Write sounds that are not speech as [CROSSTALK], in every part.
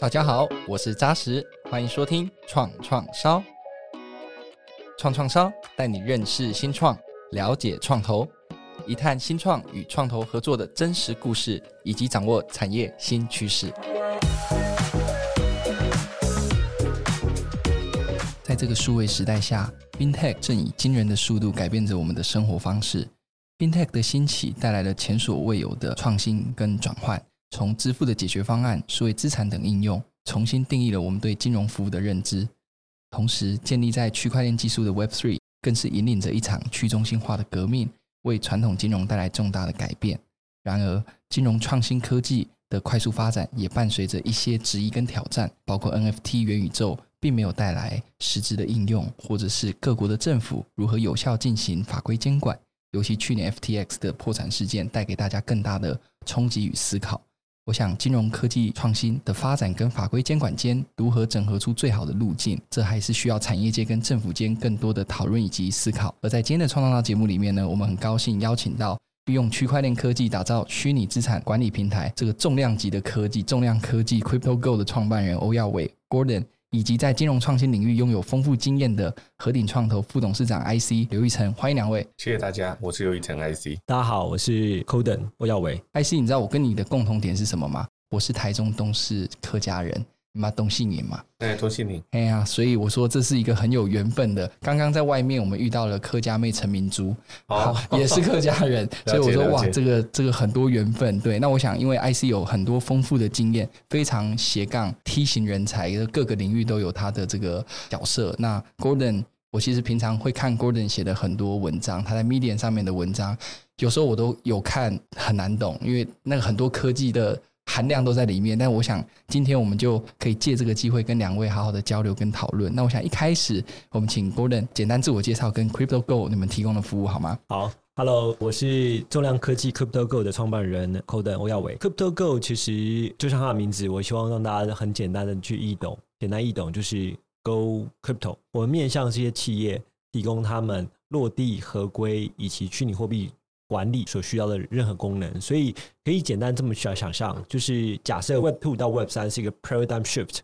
大家好，我是扎實，歡迎收聽創創燒，創創燒帶你認識新創，了解創投，一探新創與創投合作的真實故事，以及掌握產業新趨勢。在這個數位時代下，FinTech 正以驚人的速度改變着我們的生活方式。FinTech 的興起帶來了前所未有的創新跟轉換，從支付的解決方案，數位資產等應用，重新定義了我們對金融服務的認知。同時，建立在區塊鏈技術的 Web Three 更是引領着一場去中心化的革命，為傳統金融帶來重大的改變。然而，金融創新科技的快速發展也伴隨着一些質疑跟挑戰，包括 NFT 元宇宙並沒有帶來實質的應用，或者是各國的政府如何有效進行法規監管。尤其去年 FTX 的破產事件帶給大家更大的衝擊與思考。我想金融科技創新的發展跟法規監管間如何整合出最好的路徑，這還是需要產業界跟政府間更多的討論以及思考。而在今天的創創燒節目裡面呢，我們很高興邀請到利用區塊鏈科技打造虛擬資產管理平台這個重量級的科技、重量科技 KryptoGO 的創辦人歐曜瑋 （Kordan）。以及在金融創新領域擁有豐富經驗的和鼎創投副董事長 IC 劉奕成，歡迎兩位，謝謝大家，我是劉奕成 IC，大家好，我是 Kordan 歐曜瑋，IC，你知道我跟你的共同點是什麼嗎？我是台中東勢客家人。嘛、嗯，董信明嘛、嗯，對，董信明，哎呀，所以我說，這是一個很有緣分的。剛剛在外面我們遇到了客家妹陳明珠，哦、也是客家人， [LAUGHS] 所以我說，哇，這個這個很多緣分。對，那我想，因為 IC 有很多豐富的經驗，非常斜槓 T 型人才，各個領域都有他的這個角色。那 Kordan，我其實平常會看 Kordan 寫的很多文章，他在 Medium 上面的文章，有時候我都有看，很難懂，因為那個很多科技的含量都在裡面，但我想今天我們就可以借這個機會跟兩位好好的交流跟討論。那我想一開始我們請 Kordan 簡單自我介紹，跟 KryptoGO 你們提供的服務好嗎？好，Hello，我是重量科技 KryptoGO 的創辦人 Kordan 歐曜瑋。KryptoGO 其實就像它的名字，我希望讓大家很簡單的去易懂，簡單易懂就是 Go Crypto。我們面向這些企業，提供他們落地合規以及虛擬貨幣管理所需要的任何功能，所以可以簡單這麼去來想象，就是假設 Web Two 到 Web 三是一個 Paradigm Shift，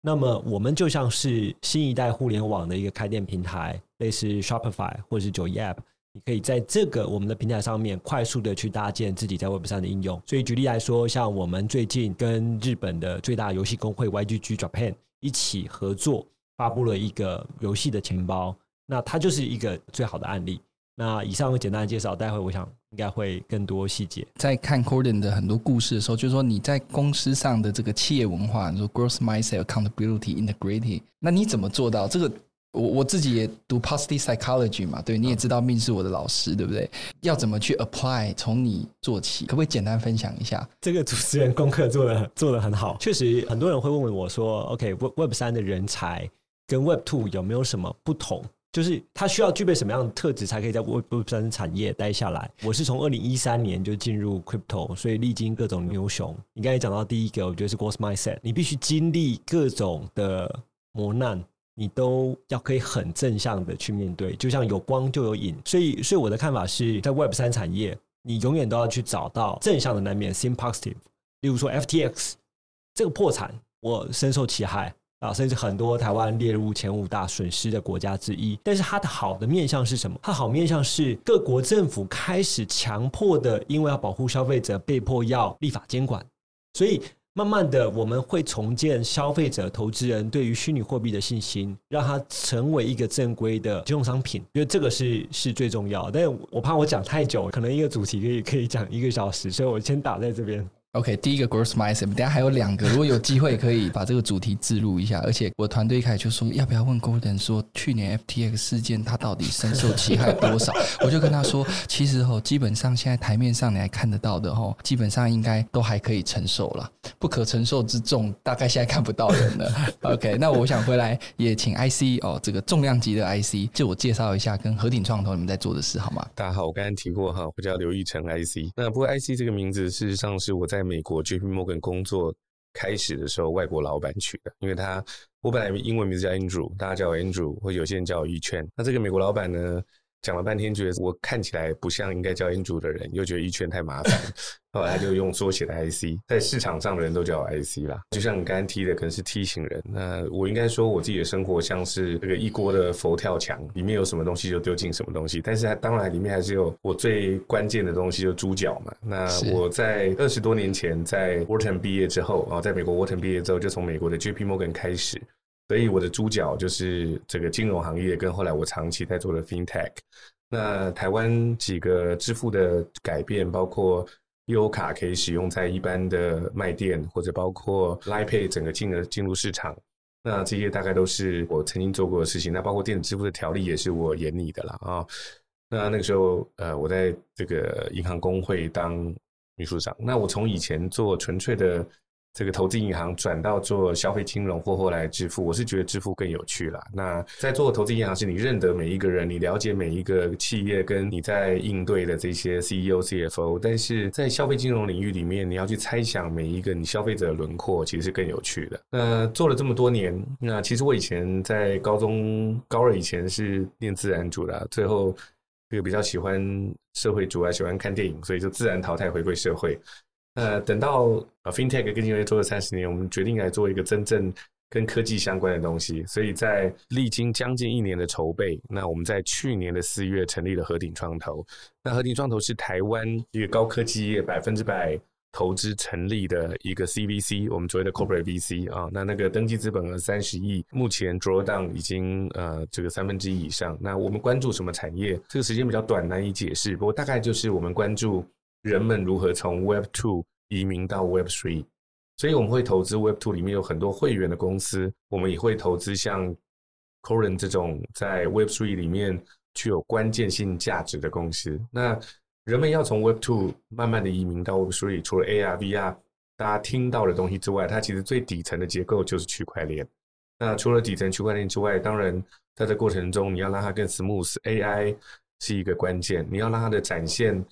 那麼我們就像是新一代互聯網的一個開店平台，類似 Shopify 或者是 91App，你可以在這個我們的平台上面快速的去搭建自己在 Web 三的應用。所以舉例來說，像我們最近跟日本的最大遊戲公會 YGG Japan 一起合作，發布了一個遊戲的錢包，那它就是一個最好的案例。那以上我簡單介紹，待會我想應該會更多細節。在看 Kordan 的很多故事的時候，就是說你在公司上的這個企業文化，說 growth mindset, accountability, integrity，那你怎麼做到？這個我我自己也讀 positive psychology 嘛，對，你也知道命是我的老師，對不對？要怎麼去 apply？從你做起，可不可以簡單分享一下？這個主持人功課做的 [LAUGHS] 做的很好，確實很多人會問我說，說 OK，Web、OK, Web 三的人才跟 Web Two 有沒有什麼不同？就是他需要具備什麼樣的特質，才可以在 Web 3產業待下來？我是從二零一三年就進入 Crypto，所以歷經各種牛熊。你剛才講到第一個，我覺得是 Growth mindset，你必須經歷各種的磨難，你都要可以很正向的去面對。就像有光就有影，所以所以我的看法是在 Web 三產業，你永遠都要去找到正向的那面 （Same Positive）。例如說 FTX 這個破產，我深受其害。啊，甚至很多台灣列入前五大損失的國家之一。但是它的好的面向是什麼？它的好的面向是各國政府開始強迫的，因為要保護消費者，被迫要立法監管。所以慢慢的，我們會重建消費者、投資人對於虛擬貨幣的信心，讓它成為一個正規的金融商品。因為這個是是最重要。但是我怕我講太久，可能一個主題可以可以講一個小時，所以我先打在這邊。OK，第一個 Growth Mindset，等下還有兩個，如果有機會可以把這個主題置入一下。 [LAUGHS] 而且我團隊一開始就說要不要問 Kordan 說去年 FTX 事件他到底深受其害多少？ [LAUGHS] 我就跟他說，其實哦，基本上現在台面上你還看得到的哦，基本上應該都還可以承受了，不可承受之重大概現在看不到人了。 [LAUGHS] OK，那我想回來也請 IC 哦，這個重量級的 IC，自我介紹一下跟和鼎創投你們在做的事好嗎？大家好，我剛剛提過哈，我叫劉奕成 IC。那不過 IC 這個名字事實上是我在。美國 JP Morgan 工作開始的時候，外國老板取的，因為他我本來英文名字叫 Andrew，大家叫我 Andrew，或有些人叫我奕成。那這個美國老板呢，講了半天，覺得我看起來不像應該叫 Andrew 的人，又覺得一圈太麻煩， [LAUGHS] 後來他就用縮寫的 IC，在市場上的人都叫我 IC 啦。就像你剛剛提的，可能是 T 型人。那我應該說我自己的生活像是這個一鍋的佛跳牆，裡面有什麼東西就丟進什麼東西。但是，他當然裡面還是有我最關鍵的東西，就豬腳嘛。那我在二十多年前在 Wharton 畢業之後，哦，在美國 Wharton 畢業之後，就從美國的 JP Morgan 開始。所以我的主角就是這個金融行業，跟後來我長期在做的 FinTech。那台灣幾個支付的改變，包括 U 卡可以使用在一般的賣店，或者包括 Line Pay 整個進入進入市場。那這些大概都是我曾經做過的事情。那包括電子支付的條例也是我研擬的了啊。那那個時候，呃，我在這個銀行公會當秘書長。那我從以前做純粹的。這個投資銀行轉到做消費金融，或後來支付，我是覺得支付更有趣啦。那在做投資銀行，是你認得每一個人，你了解每一個企業，跟你在應對的這些 CEO、CFO。但是在消費金融領域裡面，你要去猜想每一個你消費者的輪廓，其實是更有趣的。那做了這麼多年，那其實我以前在高中高二以前是念自然主的，最後又比較喜歡社會主啊，喜歡看電影，所以就自然淘汰，回歸社會。呃，等到、啊、fintech 跟金融業做了三十年，我們決定來做一個真正跟科技相關的東西。所以在歷經將近一年的籌備，那我們在去年的四月成立了和鼎創投。那和鼎創投是台灣一個高科技業百分之百投資成立的一個 CVC，我們所謂的 corporate VC 啊。那那個登記資本額三十億，目前 drawdown 已經呃這個三分之一以上。那我們關注什麼產業？這個時間比較短，難以解釋，不過大概就是我們關注人們如何從 Web 2移民到 Web 3？所以我們會投資 Web 2裡面有很多會員的公司，我們也會投資像 Coren 這種在 Web 3裡面具有關鍵性價值的公司。那人們要從 Web 2慢慢的移民到 Web 3，除了 AR、VR，大家聽到的東西之外，它其實最底層的結構就是區塊鏈。那除了底層區塊鏈之外，當然在這過程中，你要讓它更 smooth，AI 是一個關鍵，你要讓它的展現。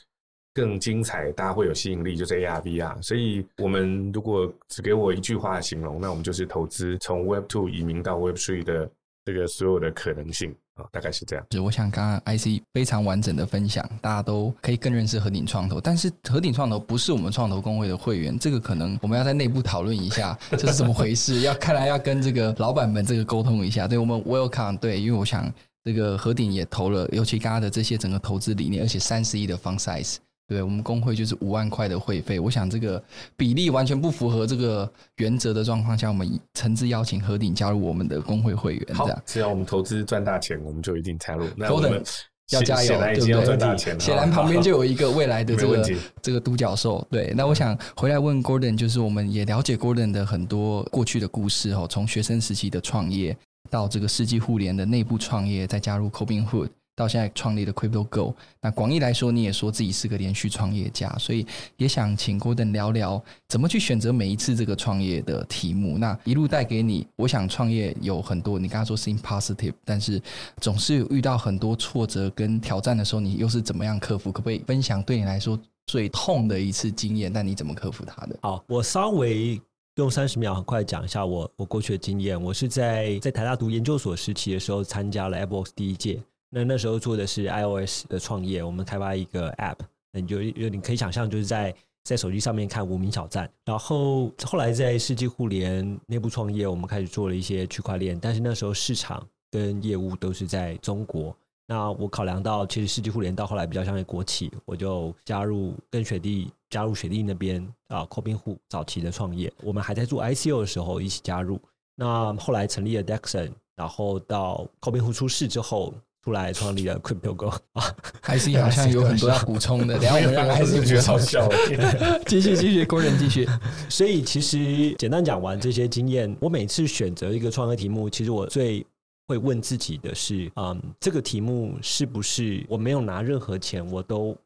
更精彩，大家會有吸引力，就是 AR VR。所以，我們如果只給我一句話形容，那我們就是投資從 Web Two 移民到 Web Three 的這個所有的可能性啊、哦，大概是這樣。就我想，剛剛 I C 非常完整的分享，大家都可以更認識和鼎創投。但是，和鼎創投不是我們創投公會的會員，這個可能我們要在內部討論一下，這 [LAUGHS] 是怎麼回事？要看來要跟這個老闆們這個溝通一下。對，我們 Welcome 對，因為我想這個和鼎也投了，尤其剛剛的這些整個投資理念，而且三十億的 Fund Size。對我們公會，就是五萬塊的會費，我想這個比例完全不符合這個原則的狀況下，我們誠摯邀請和鼎加入我們的公會會員這樣。好，只要我們投資賺大錢，我們就一定參入。Gordon、那我們要加油，對不對？賺大錢，顯然旁邊就有一個未來的這個這個獨角獸。對，那我想回來問 Gordon，就是我們也了解 Gordon 的很多過去的故事哦，從學生時期的創業到這個世紀互聯的內部創業，再加入 Cobinhood。到現在創立的 KryptoGO，那廣義來說，你也說自己是個連續創業家，所以也想請 Kordan 聊聊怎麼去選擇每一次這個創業的題目。那一路帶給你，我想創業有很多，你剛才說是 impositive，但是總是遇到很多挫折跟挑戰的時候，你又是怎麼樣克服？可不可以分享對你來說最痛的一次經驗？那你怎麼克服它的？好，我稍微用三十秒，很快講一下我我過去的經驗。我是在在台大讀研究所時期的時候，參加了 Apple 第一屆。那那時候做的是 iOS 的創業，我們開發一個 App，你就就你可以想象，就是在在手機上面看無名小站。然後後來在世紀互聯內部創業，我們開始做了一些區塊鏈。但是那時候市場跟業務都是在中國。那我考量到，其實世紀互聯到後來比較像是國企，我就加入跟學弟加入學弟那邊啊，COBINHOOD 早期的創業，我們還在做 ICO 的時候一起加入。那後來成立了 Dexon，然後到 COBINHOOD 出事之後。出來創立了 KryptoGO 啊，還 [LAUGHS] 是好像有很多要補充的，然後我們讓還是 [LAUGHS] 覺得好笑。 [LAUGHS] 繼續繼續，工人繼續。所以其實簡單講完這些經驗，我每次選擇一個創業題目，其實我最會問自己的是：嗯，這個題目是不是我沒有拿任何錢，我都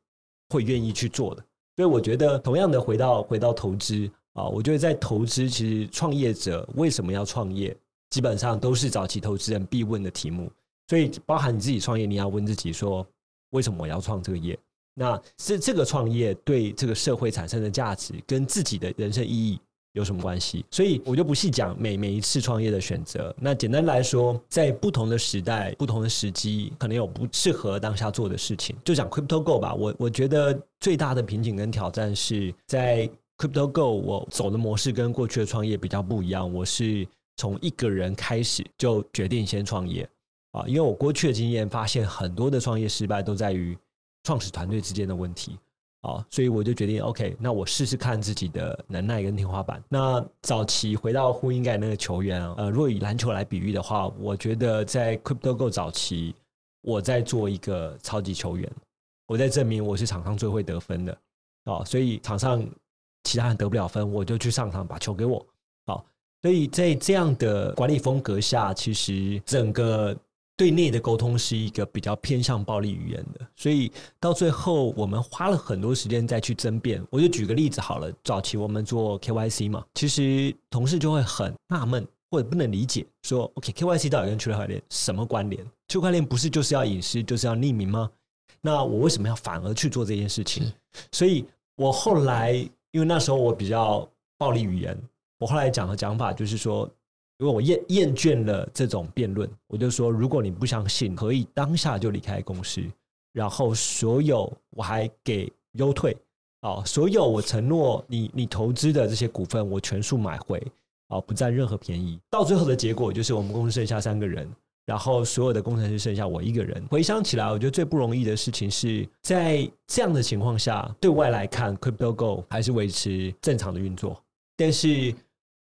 會願意去做的？所以我覺得，同樣的回到回到投資啊，我覺得在投資，其實創業者為什麼要創業，基本上都是早期投資人必問的題目。所以，包含你自己創業，你要問自己說：為什麼我要創這個業？那是這個創業對這個社會產生的價值，跟自己的人生意義有什麼關係？所以我就不細講每每一次創業的選擇。那簡單來說，在不同的時代、不同的時機，可能有不適合當下做的事情。就講 KryptoGO 吧，我我覺得最大的瓶頸跟挑戰是在 KryptoGO，我走的模式跟過去的創業比較不一樣。我是從一個人開始就決定先創業。啊，因為我過去的經驗發現，很多的創業失敗都在於創始團隊之間的問題啊，所以我就決定 OK，那我試試看自己的能耐跟天花板。那早期回到呼應蓋那個球員，呃，如果以籃球來比喻的話，我覺得在 KryptoGO 早期，我在做一個超級球員，我在證明我是場上最會得分的啊，所以場上其他人得不了分，我就去上場把球給我啊，所以在這樣的管理風格下，其實整個。對內的溝通是一個比較偏向暴力語言的，所以到最後我們花了很多時間再去爭辯。我就舉個例子好了，早期我們做 KYC 嘛，其實同事就會很納悶或者不能理解說，說 OK KYC 到底跟區塊鏈什麼關聯？區塊鏈不是就是要隱私，就是要匿名嗎？那我為什麼要反而去做這件事情？所以我後來因為那時候我比較暴力語言，我後來講的講法就是說。因為我厭厭倦了這種辯論，我就說：如果你不相信，可以當下就離開公司。然後，所有我還給優退啊，所有我承諾你，你投資的這些股份，我全數買回啊，不占任何便宜。到最後的結果，就是我們公司剩下三個人，然後所有的工程師剩下我一個人。回想起來，我覺得最不容易的事情是在這樣的情況下，對外來看，KryptoGO 還是維持正常的運作，但是。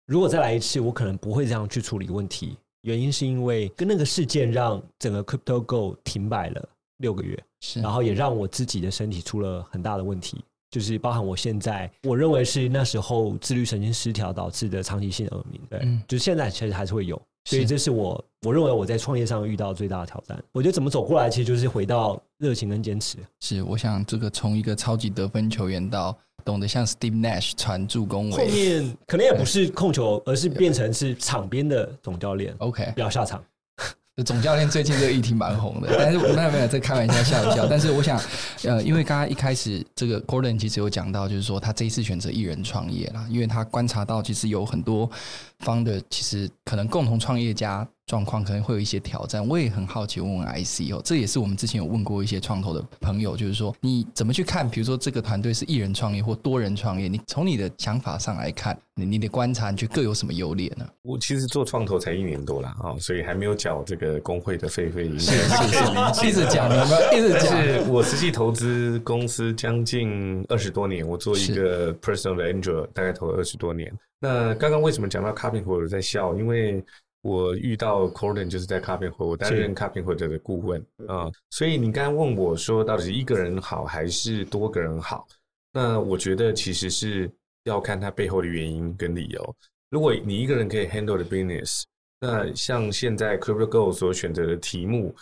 如果再來一次，我可能不會這樣去處理問題。原因是因為跟那個事件讓整個 KryptoGO 停擺了六個月，是，然後也讓我自己的身體出了很大的問題，就是包含我現在我認為是那時候自律神經失調導致的長期性耳鳴，對、嗯，就現在其實還是會有。所以這是我是我認為我在創業上遇到最大的挑戰。我覺得怎麼走過來，其實就是回到熱情跟堅持。是，我想這個從一個超級得分球員到。懂得像 Steve Nash 傳助攻，後面可能也不是控球，而是變成是場邊的總教練。OK，不要下場。總教練最近這個議題蠻紅的， [LAUGHS] 但是我們也沒有在開玩笑笑一笑。 [LAUGHS] 但是我想，呃，因為剛剛一開始這個 Kordan 其實有講到，就是說他這一次選擇一人創業啦，因為他觀察到其實有很多方的，其實可能共同創業家。狀況可能會有一些挑戰，我也很好奇問問 IC 哦，這也是我們之前有問過一些創投的朋友，就是說你怎麼去看？比如說這個團隊是一人創業或多人創業，你從你的想法上來看，你的觀察，你覺得各有什麼優劣呢？我其實做創投才一年多了啊，所以還沒有繳這個公會的費費。謝謝謝謝，一直講，一直講，是我實際投資公司將近二十多年，我做一個 personal angel，大概投了二十多年。那剛剛為什麼講到 c p 咖我有在笑？因為我遇到 Kordan 就是在咖啡會，我擔任咖啡會者的顧問啊、嗯。所以你剛剛問我說，到底是一個人好還是多個人好？那我覺得其實是要看他背後的原因跟理由。如果你一個人可以 handle the business，那像現在 KryptoGO 所選擇的題目，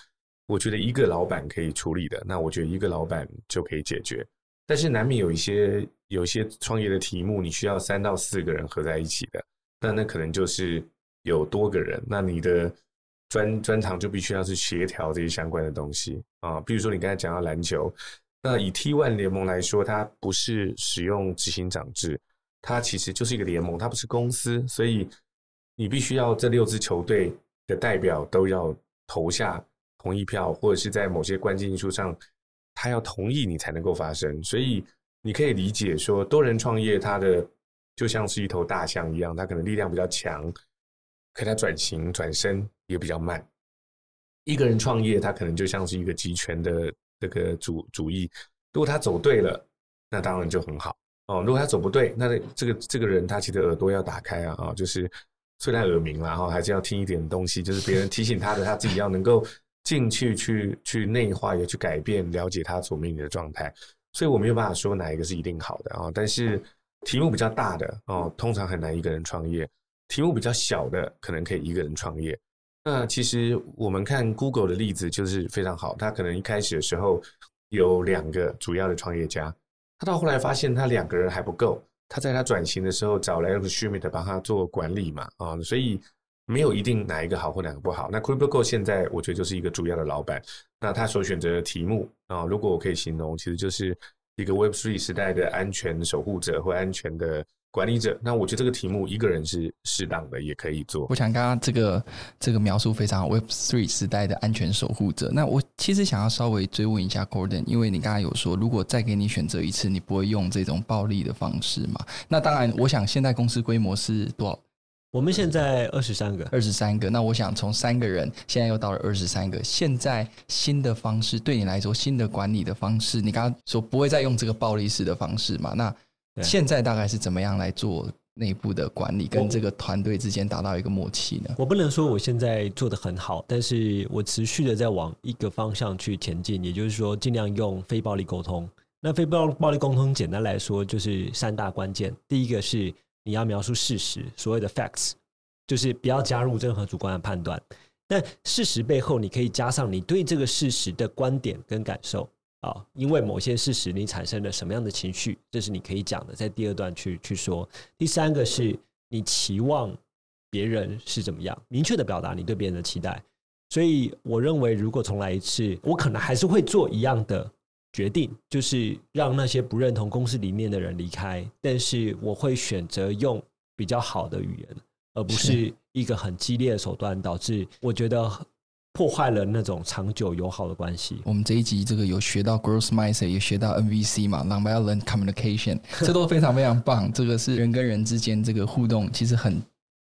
我覺得一個老板可以處理的，那我覺得一個老板就可以解決。但是難免有一些有一些創業的題目，你需要三到四個人合在一起的，那那可能就是。有多個人，那你的專專長就必須要是協調這些相關的東西啊、嗯。比如說你剛才講到籃球，那以 T1 聯盟來說，它不是使用執行長制，它其實就是一個聯盟，它不是公司，所以你必須要這六支球隊的代表都要投下同意票，或者是在某些關鍵因素上他要同意你才能夠發生。所以你可以理解說，多人創業它的就像是一頭大象一樣，它可能力量比較強。可他轉型轉身也比較慢，一個人創業他可能就像是一個集權的這個主主義。如果他走對了，那當然就很好哦。如果他走不對，那這個這個人他其實耳朵要打開啊啊，就是雖然耳鳴了哈，還是要聽一點東西，就是別人提醒他的，他自己要能夠進去去去內化，也去改變，了解他所面臨的狀態。所以我沒有辦法說哪一個是一定好的啊。但是題目比較大的哦，通常很難一個人創業。題目比較小的，可能可以一個人創業。那其實我們看 Google 的例子就是非常好，他可能一開始的時候有兩個主要的創業家，他到後來發現他兩個人還不夠，他在他轉型的時候找來了 Schmidt 幫他做管理嘛，啊、哦，所以沒有一定哪一個好或哪個不好。那 KryptoGO 現在我覺得就是一個主要的老闆，那他所選擇的題目啊、哦，如果我可以形容，其實就是一個 Web Three 時代的安全守護者或安全的。管理者，那我覺得這個題目一個人是適當的，也可以做。我想剛剛這個這個描述非常好，Web3 時代的安全守護者。那我其實想要稍微追問一下 Kordan，因為你剛才有說，如果再給你選擇一次，你不會用這種暴力的方式嘛？那當然，我想現在公司規模是多少？我們現在二十三個，二十三個。那我想從三個人，現在又到了二十三個。現在新的方式對你來說，新的管理的方式，你剛剛說不會再用這個暴力式的方式嘛？那現在大概是怎麼樣來做內部的管理，跟這個團隊之間達到一個默契呢？我不能說我現在做得很好，但是我持續的在往一個方向去前進，也就是說，尽量用非暴力溝通。那非暴暴力溝通，簡單來說就是三大關鍵：第一個是你要描述事實，所謂的 facts，就是不要加入任何主觀的判斷。但事實背後，你可以加上你對這個事實的觀點跟感受。啊，因為某些事實，你產生了什麼樣的情緒，這是你可以講的，在第二段去去說。第三個是你期望別人是怎麼樣，明確的表達你對別人的期待。所以，我認為如果重來一次，我可能還是會做一樣的決定，就是讓那些不認同公司理念的人離開，但是我會選擇用比較好的語言，而不是一個很激烈的手段，導致我覺得，破壞了那種長久友好的關係。我們這一集這個有學到 growth mindset，也學到 NVC 嘛，nonviolent communication，這都非常非常棒。 [LAUGHS] 這個是人跟人之間這個互動其實很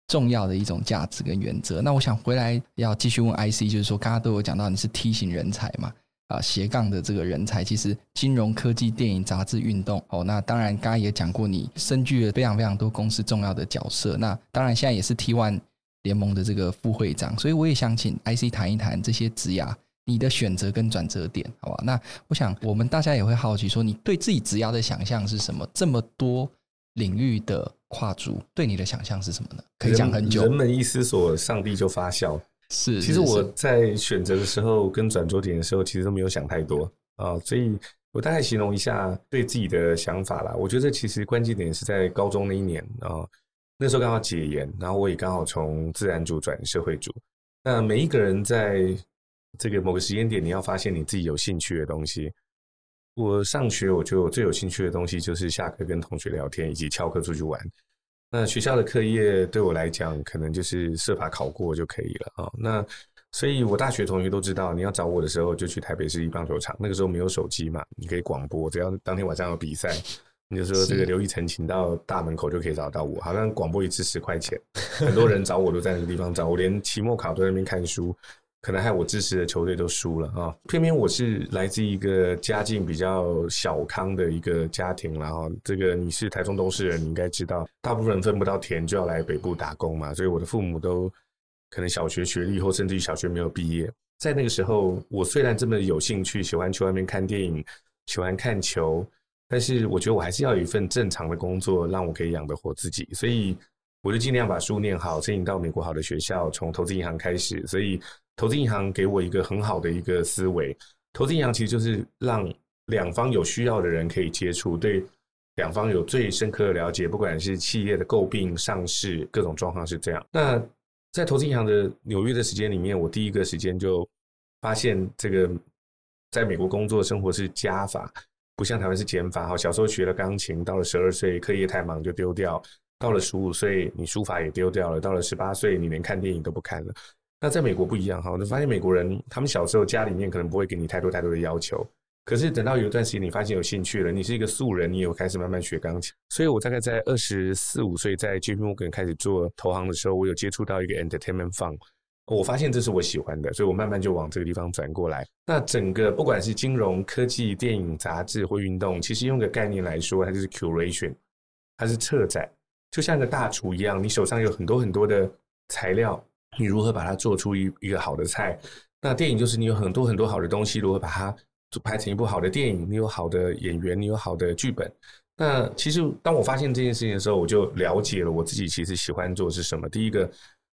重要的一種價值跟原則。那我想回來要繼續問 IC，就是說剛剛都有講到你是 T 型人才嘛？啊，斜槓的這個人才，其實金融科技、電影、雜誌、運動哦。那當然，剛剛也講過你身具了非常非常多公司重要的角色。那當然，現在也是 T one，聯盟的這個副會長，所以我也想請 IC 談一談這些職涯你的選擇跟轉折點，好不好？那我想我們大家也會好奇，說你對自己職涯的想象是什麼？這麼多領域的跨足，對你的想象是什麼呢？可以講很久。人，人們一思索，上帝就發笑。是，其實我在選擇的時候跟轉折點的時候，其實都沒有想太多啊、哦。所以我大概形容一下對自己的想法啦。我覺得其實關鍵點是在高中那一年啊。哦那時候剛好解嚴，然後我也剛好從自然組轉社會組。那每一個人在這個某個時間點，你要發現你自己有興趣的東西。我上學，我覺得我最有興趣的東西就是下課跟同學聊天，以及翹課出去玩。那學校的課業對我來講，可能就是設法考過就可以了啊。那所以，我大學同學都知道，你要找我的時候，就去台北市一棒球場。那個時候沒有手機嘛，你可以廣播，只要當天晚上有比賽。你就是說這個劉奕成，請到大門口就可以找到我。好像廣播一次十塊錢，很多人找我都在那個地方找我。連期末考都在那邊看書，可能還有我支持的球隊都輸了啊！偏偏我是來自一個家境比較小康的一個家庭，然後這個你是台中東勢人，你應該知道，大部分人分不到田就要來北部打工嘛，所以我的父母都可能小學學歷或甚至於小學沒有畢業。在那個時候，我雖然這麼有興趣，喜歡去外面看電影，喜歡看球。但是我覺得我還是要有一份正常的工作，讓我可以養得活自己，所以我就盡量把書念好，申請到美國好的學校，從投資銀行開始。所以投資銀行給我一個很好的一個思維，投資銀行其實就是讓兩方有需要的人可以接觸，對兩方有最深刻的了解，不管是企業的併購、上市各種狀況是這樣。那在投資銀行的紐約的時間裡面，我第一個時間就發現這個在美國工作生活是加法。不像台灣是減法哈，小時候學了鋼琴，到了十二歲課業太忙就丟掉；到了十五歲你書法也丟掉了；到了十八歲你連看電影都不看了。那在美國不一樣哈，我就發現美國人他們小時候家裡面可能不會給你太多太多的要求，可是等到有一段時間你發現有興趣了，你是一個素人，你有開始慢慢學鋼琴。所以我大概在二十四五歲在 JP Morgan 開始做投行的時候，我有接觸到一個 Entertainment Fund。我發現這是我喜歡的，所以我慢慢就往這個地方轉過來。那整個不管是金融科技、電影、雜誌或運動，其實用個概念來說，它就是 curation，它是策展，就像個大廚一樣，你手上有很多很多的材料，你如何把它做出一一個好的菜？那電影就是你有很多很多好的東西，如何把它拍成一部好的電影？你有好的演員，你有好的劇本。那其實當我發現這件事情的時候，我就了解了我自己其實喜歡做是什麼。第一個。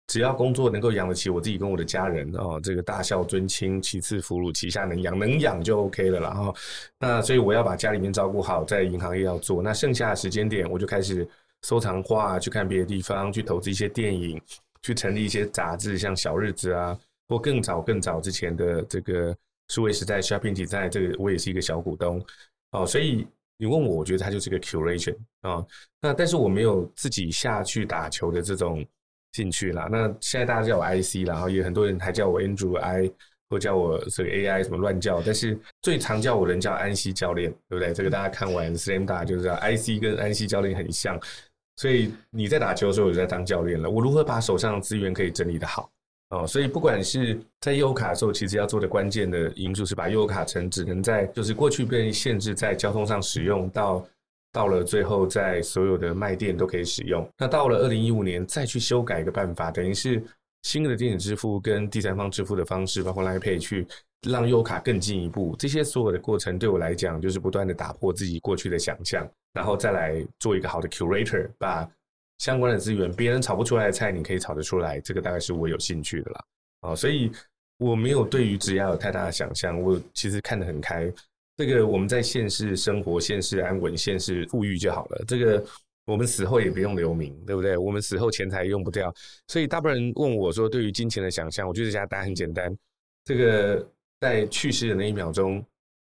只要工作能夠養得起我自己跟我的家人哦，這個大孝尊親，其次弗辱，其下能養能養就 OK 了啦。哦，那所以我要把家裡面照顧好，在銀行也要做，那剩下的時間點我就開始收藏畫，去看別的地方，去投資一些電影，去成立一些雜誌，像小日子啊，或更早更早之前的這個數位時代 Shopping Design，在這個我也是一個小股東哦，所以你問我，我覺得他就是個 curation 啊，那但是我沒有自己下去打球的這種。進去了。那現在大家叫我 IC，然後也很多人還叫我 Andrew I，或叫我這個 AI 什麼亂叫。但是最常叫我人叫我安西教練，對不對？這個大家看完 Slam Dunk 就知道，IC 跟安西教練很像。所以你在打球的時候，我就在當教練了。我如何把手上的資源可以整理得好？哦，所以不管是在悠遊卡的時候，其實要做的關鍵的因素是把悠遊卡成只能在就是過去被限制在交通上使用到。到了最後，在所有的賣店都可以使用。那到了二零一五年，再去修改一個辦法，等於是新的電子支付跟第三方支付的方式，包括 Line Pay，去讓優卡更進一步。這些所有的過程，對我來講，就是不斷地打破自己過去的想象，然後再來做一個好的 Curator，把相關的資源，別人炒不出來的菜，你可以炒得出來。這個大概是我有興趣的啦。啊，所以我沒有對於質押有太大的想象，我其實看得很開。這個我們在現世生活、現世安穩、現世富裕就好了。這個我們死後也不用留名，對不對？我們死後錢財也用不掉，所以大部分人問我說，對於金錢的想象，我覺得這答案很簡單。這個在去世的那一秒鐘，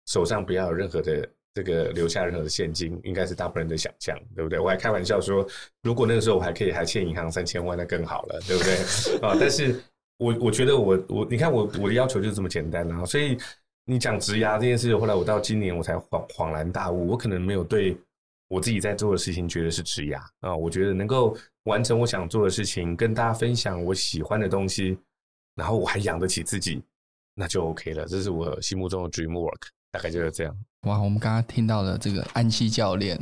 手上不要有任何的這個留下任何的現金，應該是大部分人的想象，對不對？我還開玩笑說，如果那個時候我還可以還欠銀行三千萬，那更好了，對不對？啊、 [LAUGHS] 哦，但是我我覺得我我你看我我的要求就是這麼簡單啊，所以。你講質押這件事情，後來我到今年我才恍恍然大悟，我可能沒有對我自己在做的事情覺得是質押啊，我覺得能夠完成我想做的事情，跟大家分享我喜歡的東西，然後我還養得起自己，那就 OK 了，這是我心目中的 dream work，大概就是這樣。哇，我們剛剛聽到了這個安西教練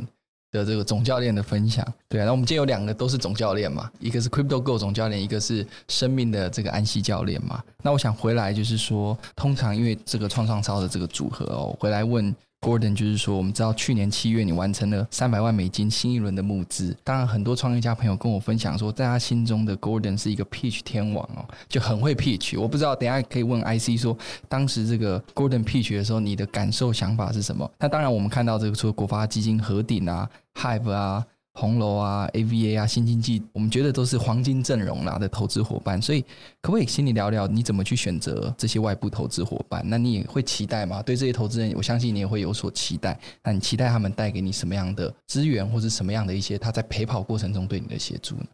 的這個總教練的分享，對啊，那我們今天有兩個都是總教練嘛，一個是 KryptoGO 總教練，一個是生命的這個安西教練嘛。那我想回來就是說，通常因為這個創創燒的這個組合哦，回來問。Kordan 就是說，我們知道去年七月你完成了三百萬美金新一輪的募資。當然，很多創業家朋友跟我分享說，在他心中的 Kordan 是一個 Pitch 天王哦，就很會 Pitch。我不知道，等一下可以問 IC 說，當時這個 Kordan Pitch 的時候，你的感受想法是什麼？那當然，我們看到這個，除了國發基金、和鼎啊、Hive 啊。紅樓啊，AVA 啊，新經濟，我們覺得都是黃金陣容拿的投資夥伴，所以可不可以請你聊聊，你怎麼去選擇這些外部投資夥伴？那你也會期待嗎？對這些投資人，我相信你也會有所期待。那你期待他們帶給你什麼樣的資源，或者什麼樣的一些他在陪跑過程中對你的協助呢？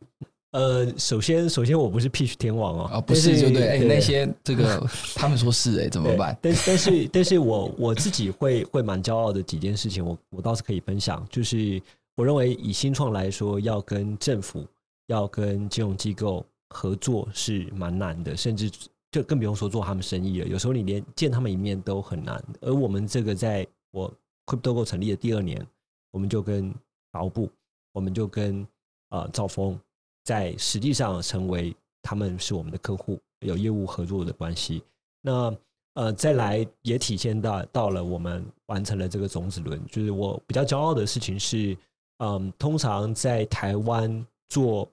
呃，首先，首先我不是 Pitch 天王哦，啊、哦，不是，對，就對，對，、欸、對，那些這個 [LAUGHS] 他們說是哎、欸，怎麼辦？但是， [LAUGHS] 但是，但是我我自己會會蠻驕傲的幾件事情，我我倒是可以分享，就是。我認為以新創來說，要跟政府、要跟金融機構合作是蠻難的，甚至就更不用說做他們生意了。有時候你連見他們一面都很難。而我們這個，在我 KryptoGO 成立的第二年，我們就跟勞布，我們就跟呃兆豐，在實際上成為他們是我們的客戶，有業務合作的關係。那呃，再來也體現到到了我們完成了這個種子輪，就是我比較驕傲的事情是。嗯，通常在台灣做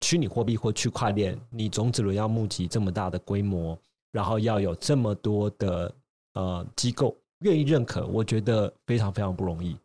虛擬貨幣或區塊鏈，你總之要募集這麼大的規模，然後要有這麼多的呃機構願意認可，我覺得非常非常不容易。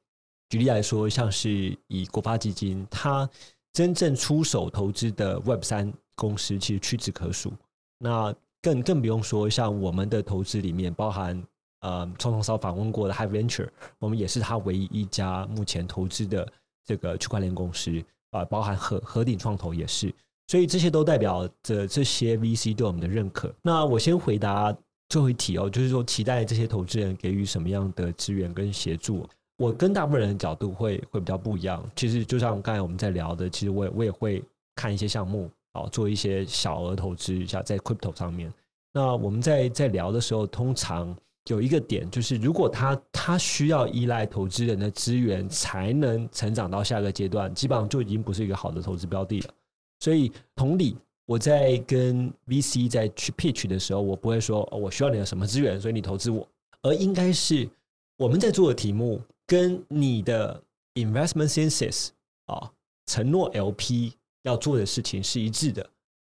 舉例來說，像是以國發基金，它真正出手投資的 Web3 公司，其實屈指可數。那更更不用說像我們的投資裡面，包含呃，創創燒訪問過的 Hive Venture，我們也是他唯一一家目前投資的。這個區塊鏈公司啊，包含和和鼎創投也是，所以這些都代表着這些 VC 對我們的認可。那我先回答最後一題哦，就是說期待這些投資人給予什麼樣的資源跟協助？我跟大部分人的角度會會比較不一樣。其實就像剛才我們在聊的，其實我也我也會看一些項目啊，做一些小額投資像在 crypto 上面。那我們在在聊的時候，通常。有一個點，就是如果他他需要依賴投資人的資源才能成長到下個階段，基本上就已經不是一個好的投資標的了。所以同理，我在跟 VC 在去 pitch 的時候，我不會說、哦、我需要你的什麼資源，所以你投資我，而應該是我們在做的題目跟你的 investment thesis 啊承諾 LP 要做的事情是一致的，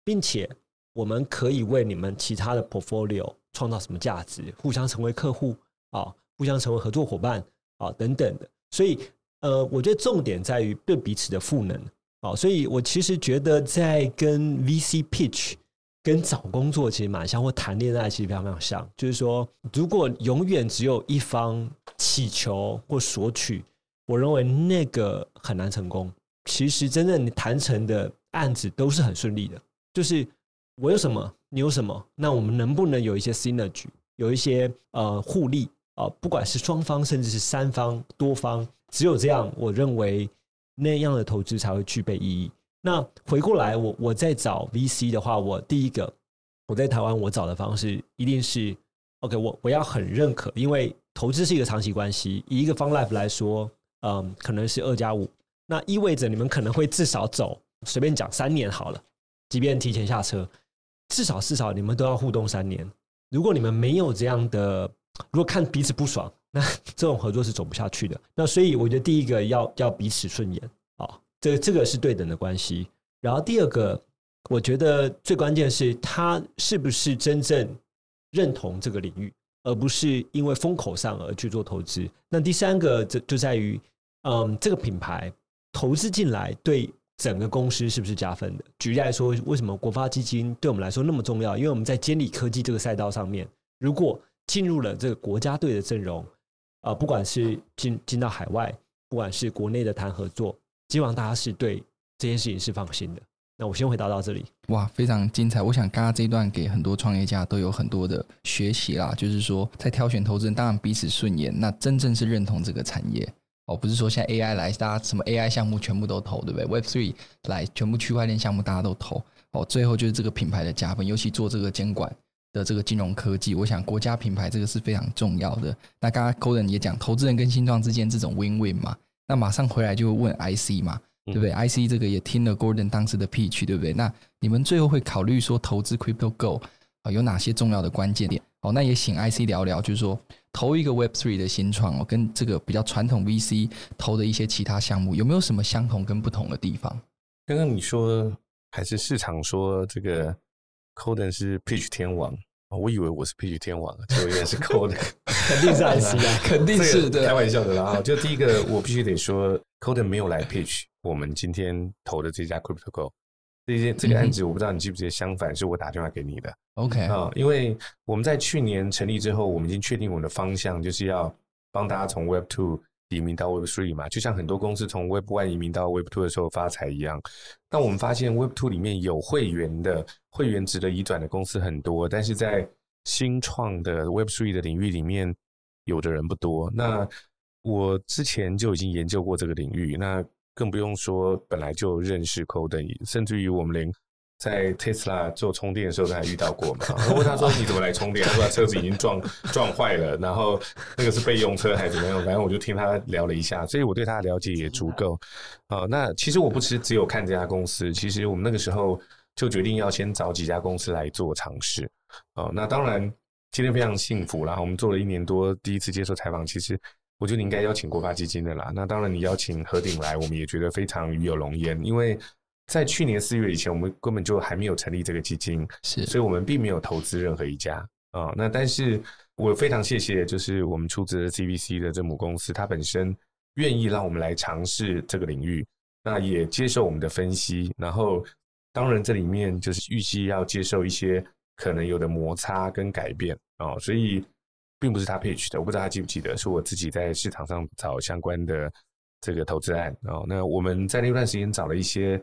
並且我們可以為你們其他的 portfolio。創造什麼價值？互相成為客戶啊、哦，互相成為合作伙伴啊、哦，等等的。所以，呃，我覺得重點在於對彼此的賦能啊、哦。所以我其實覺得，在跟 VC pitch 跟找工作其實蠻像，或談戀愛其實非常非常像。就是說，如果永遠只有一方乞求或索取，我認為那個很難成功。其實，真正談成的案子都是很順利的。就是我有什麼？你有什麼？那我們能不能有一些 synergy，有一些呃互利啊，呃，不管是雙方，甚至是三方、多方，只有這樣，我認為那樣的投資才會具備意義。那回過來，我我在找 VC 的話，我第一個，我在台灣我找的方式一定是 OK，我我要很認可，因為投資是一個長期關係。以一個 fund life 來說，嗯、呃，可能是二加五，那意味着你們可能會至少走隨便講三年好了，即便提前下車。至少至少，你們都要互動三年。如果你們沒有這樣的，如果看彼此不爽，那這種合作是走不下去的。那所以，我覺得第一個要要彼此順眼啊、哦，這個、這個是對等的關係。然後第二個，我覺得最關鍵是他是不是真正認同這個領域，而不是因為風口上而去做投資。那第三個，這就在於嗯，這個品牌投資進來對。整個公司是不是加分的？舉例來說，為什麼國發基金對我們來說那麼重要？因為我們在監理科技這個賽道上面，如果進入了這個國家隊的陣容，啊、呃，不管是進進到海外，不管是國內的談合作，希望大家是對這件事情是放心的。那我先回答到這裡。哇，非常精彩！我想剛剛這一段給很多創業家都有很多的學習啦，就是說在挑選投資人，當然彼此順眼，那真正是認同這個產業。哦，不是說像 AI 來，大家什麼 AI 項目全部都投，對不對？Web3 來，全部區塊鏈項目大家都投。哦，最後就是這個品牌的加分，尤其做這個監管的這個金融科技，我想國家品牌這個是非常重要的。那剛剛 Kordan 也講，投資人跟新創之間這種 win win 嘛。那馬上回來就會問 IC 嘛，對不對、嗯、？IC 這個也聽了 Kordan 當時的 pitch，對不對？那你們最後會考慮說投資 KryptoGO、哦、有哪些重要的關鍵點？哦，那也請 IC 聊聊，就是說投一個 Web Three 的新創哦，跟這個比較傳統 VC 投的一些其他項目，有沒有什麼相同跟不同的地方？剛剛你說還是市場說這個 Kordan 是 Pitch 天王、哦、我以為我是 Pitch 天王，結果原來是 Kordan， [LAUGHS] 肯定是 IC 啊， [LAUGHS] 肯定是開玩、這個、笑的啦。就第一個，我必須得說 [LAUGHS] Kordan 沒有來 Pitch，我們今天投的這家 KryptoGO。這件這個案子，我不知道你記不記得，相反、嗯、是我打電話給你的。OK 啊、哦，因為我們在去年成立之後，我們已經確定我們的方向，就是要幫大家從 Web Two 移民到 Web Three 嘛。就像很多公司從 Web One 移民到 Web Two 的時候發財一樣，但我們發現 Web Two 裡面有會員的，會員值得移轉的公司很多，但是在新創的 Web Three 的領域裡面，有的人不多。那我之前就已經研究過這個領域，那。更不用說本來就認識 Kordan，甚至於我們連在 Tesla 做充電的時候都還遇到過嘛？我問他說：“你怎麼來充電？” [LAUGHS] 他說他：“車子已經撞 [LAUGHS] 撞壞了，然後那個是備用車還是怎麼樣？”反正我就聽他聊了一下，所以我對他的了解也足夠。 [LAUGHS] 呃、那其實我不只是只有看這家公司，其實我們那個時候就決定要先找幾家公司來做嘗試。呃、那當然今天非常幸福啦！我們做了一年多，第一次接受採訪，其實。我覺得你應該邀請國發基金的啦。那當然，你邀請和鼎來，我們也覺得非常與有榮焉。因為在去年四月以前，我們根本就還沒有成立這個基金，是，所以我們並沒有投資任何一家啊、哦。那但是我非常謝謝，就是我們出資的 CBC 的這母公司，它本身願意讓我們來嘗試這個領域，那也接受我們的分析。然後，當然這裡面就是預期要接受一些可能有的摩擦跟改變啊、哦，所以。並不是他 pitch 的，我不知道他記不記得，是我自己在市場上找相關的這個投資案啊、哦。那我們在那段時間找了一些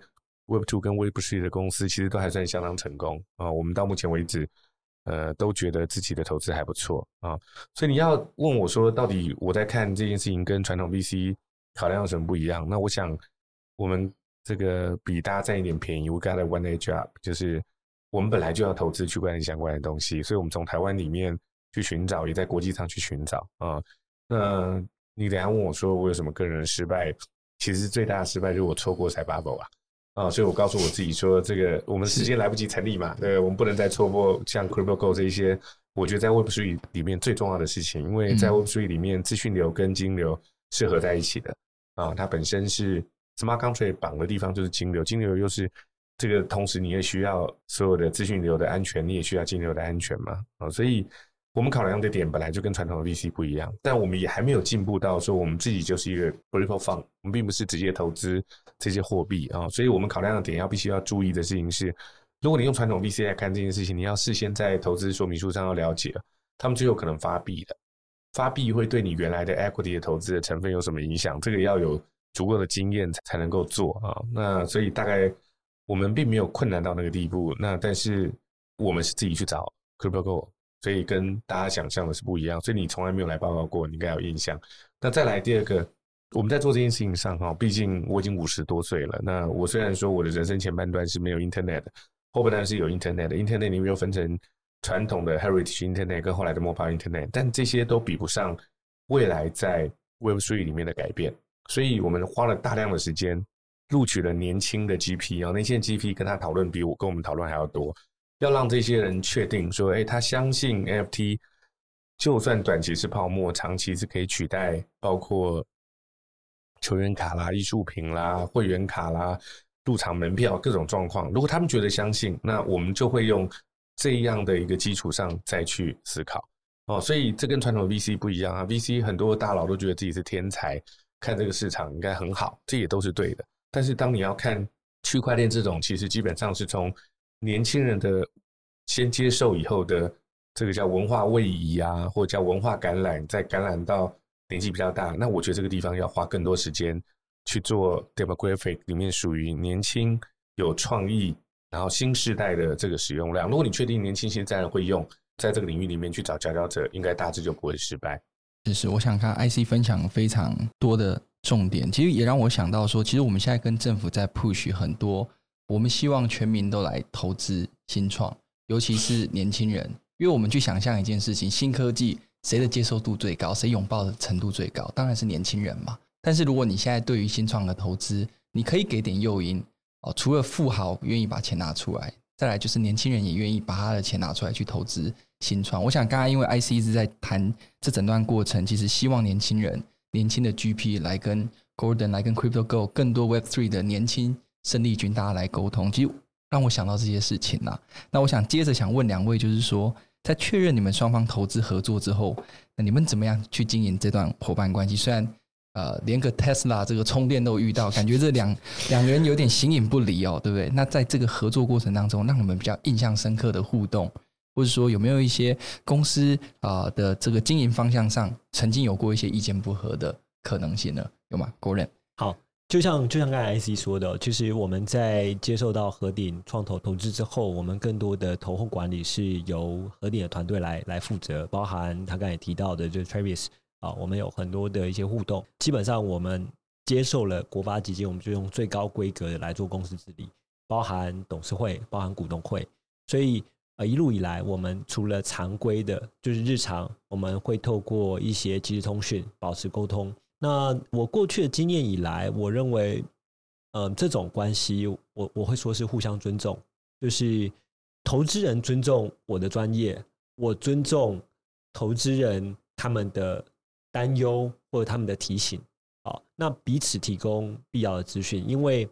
Web Two 跟 Web Three 的公司，其實都還算相當成功啊、哦。我們到目前為止，呃，都覺得自己的投資還不錯啊、哦。所以你要問我說，到底我在看這件事情跟傳統 VC 考量有什麼不一樣？那我想，我們這個比大家占一點便宜，我剛才 one day job 就是我們本來就要投資區塊鏈相關的東西，所以我們從台灣裡面。去尋找，也在國際上去尋找啊。那、呃嗯、你等下問我說，我有什麼個人失敗？其實最大的失敗就是我錯過才 bubble 啊啊、呃！所以我告訴我自己說，這個我們時間來不及成立嘛？對，我們不能再錯過像 KryptoGO 這一些。我覺得在 Web3 裡面最重要的事情，因為在 Web3 裡面，資訊流跟金流是合在一起的啊、呃。它本身是 Smart Contract 綁的地方就是金流，金流又是這個同時你也需要所有的資訊流的安全，你也需要金流的安全嘛啊、呃，所以。我們考量的點本來就跟傳統的 VC 不一樣，但我們也還沒有進步到說我們自己就是一個 crypto fund，我們並不是直接投資這些貨幣啊、哦，所以我們考量的點要必須要注意的事情是，如果你用傳統 VC 來看這件事情，你要事先在投資說明書上要了解他們最有可能發幣的，發幣會對你原來的 equity 的投資的成分有什麼影響，這個要有足夠的經驗才能夠做啊、哦。那所以大概我們並沒有困難到那個地步，那但是我們是自己去找 KryptoGO。嗯所以跟大家想象的是不一樣，所以你從來沒有來報告過，你應該有印象。那再來第二個，我們在做這件事情上哈，畢竟我已經五十多歲了。那我雖然說我的人生前半段是沒有 Internet，後半段是有 Internet。Internet 裡面又分成傳統的 Heritage Internet 跟後來的 Mobile Internet，但這些都比不上未來在 Web3 裡面的改變。所以我們花了大量的時間錄取了年輕的 GP 啊，那些 GP 跟他討論比我跟我們討論還要多。要讓這些人確定說：“誒，他相信 NFT，就算短期是泡沫，長期是可以取代，包括球員卡啦、藝術品啦、會員卡啦、入場門票各種狀況。如果他們覺得相信，那我們就會用這樣的一個基礎上再去思考哦。所以這跟傳統的 VC 不一樣啊。VC 很多大佬都覺得自己是天才，看這個市場應該很好，這也都是對的。但是當你要看區塊鏈這種，其實基本上是從。”年輕人的先接受以後的這個叫文化位移啊，或者叫文化感染，再感染到年紀比較大，那我覺得這個地方要花更多時間去做 demographic 裡面屬於年輕、有創意，然後新時代的這個使用量。如果你確定年輕現在人會用，在這個領域裡面去找佼佼者，應該大致就不會失敗。就是我想看 IC 分享非常多的重點，其實也讓我想到說，其實我們現在跟政府在 push 很多。我們希望全民都來投資新創，尤其是年輕人，因為我們去想象一件事情：新科技誰的接受度最高，誰擁抱的程度最高？當然是年輕人嘛。但是如果你現在對於新創的投資，你可以給點誘因哦。除了富豪願意把錢拿出來，再來就是年輕人也願意把他的錢拿出來去投資新創。我想，剛才因為 IC 一直在談這整段過程，其實希望年輕人、年輕的 GP 來跟 Kordan 來跟 KryptoGO 更多 Web3 的年輕勝利軍，大家來溝通。其實讓我想到這些事情啦、啊。那我想接着想問兩位，就是說，在確認你們雙方投資合作之後，那你們怎麼樣去經營這段伙伴關係？雖然呃，連個 Tesla 這個充電都遇到，感覺這兩兩個人有點形影不離哦，對不對？那在這個合作過程當中，讓你們比較印象深刻的互動，或者說有沒有一些公司啊、呃、的這個經營方向上，曾經有過一些意見不合的可能性呢？有嗎？Kordan，好。就像就像剛才 IC 說的，其實我們在接受到和鼎創投投資之後，我們更多的投後管理是由和鼎的團隊來來負責，包含他剛才提到的，就是 Travis 啊，我們有很多的一些互動。基本上我們接受了國發基金，我們就用最高規格的來做公司治理，包含董事會，包含股東會。所以呃，一路以來，我們除了常規的，就是日常，我們會透過一些即時通訊保持溝通。那我過去的經驗以來，我認為，嗯、呃，這種關係，我我會說是互相尊重，就是投資人尊重我的專業，我尊重投資人他們的擔憂或者他們的提醒啊，那彼此提供必要的資訊，因為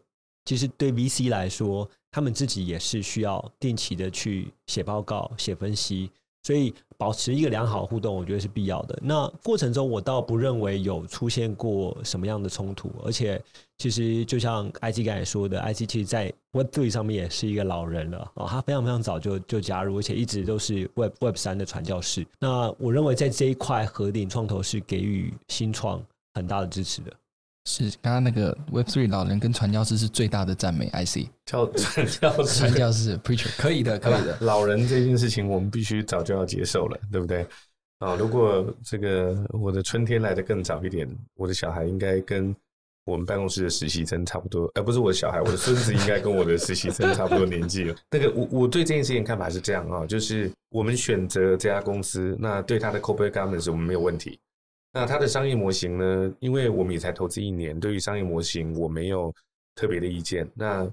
其實對 VC 來說，他們自己也是需要定期的去寫報告、寫分析。所以保持一個良好的互動，我覺得是必要的。那過程中，我倒不認為有出現過什麼樣的衝突。而且，其實就像 IC 剛才說的，IC 其實，在 Web Three 上面也是一個老人了啊、哦，他非常非常早就就加入，而且一直都是 Web Web 三的傳教士。那我認為，在這一塊，和鼎創投是給予新創很大的支持的。是，剛剛那個 Web3 老人跟傳教士是最大的讚美。IC，叫，叫，叫傳教傳教士 Preacher，可以的，可以的。老人這件事情我們必須早就要接受了，對不對？啊、哦，如果這個我的春天來得更早一點，我的小孩應該跟我們辦公室的實習生差不多，而、呃、不是我的小孩，我的孫子應該跟我的實習生差不多年紀了。 [LAUGHS] 那個我我對這件事情的看法是這樣啊、哦，就是我們選擇這家公司，那對他的 Corporate Governance 我們沒有問題。那它的商業模型呢？因為我們也才投資一年，對於商業模型我沒有特別的意見。那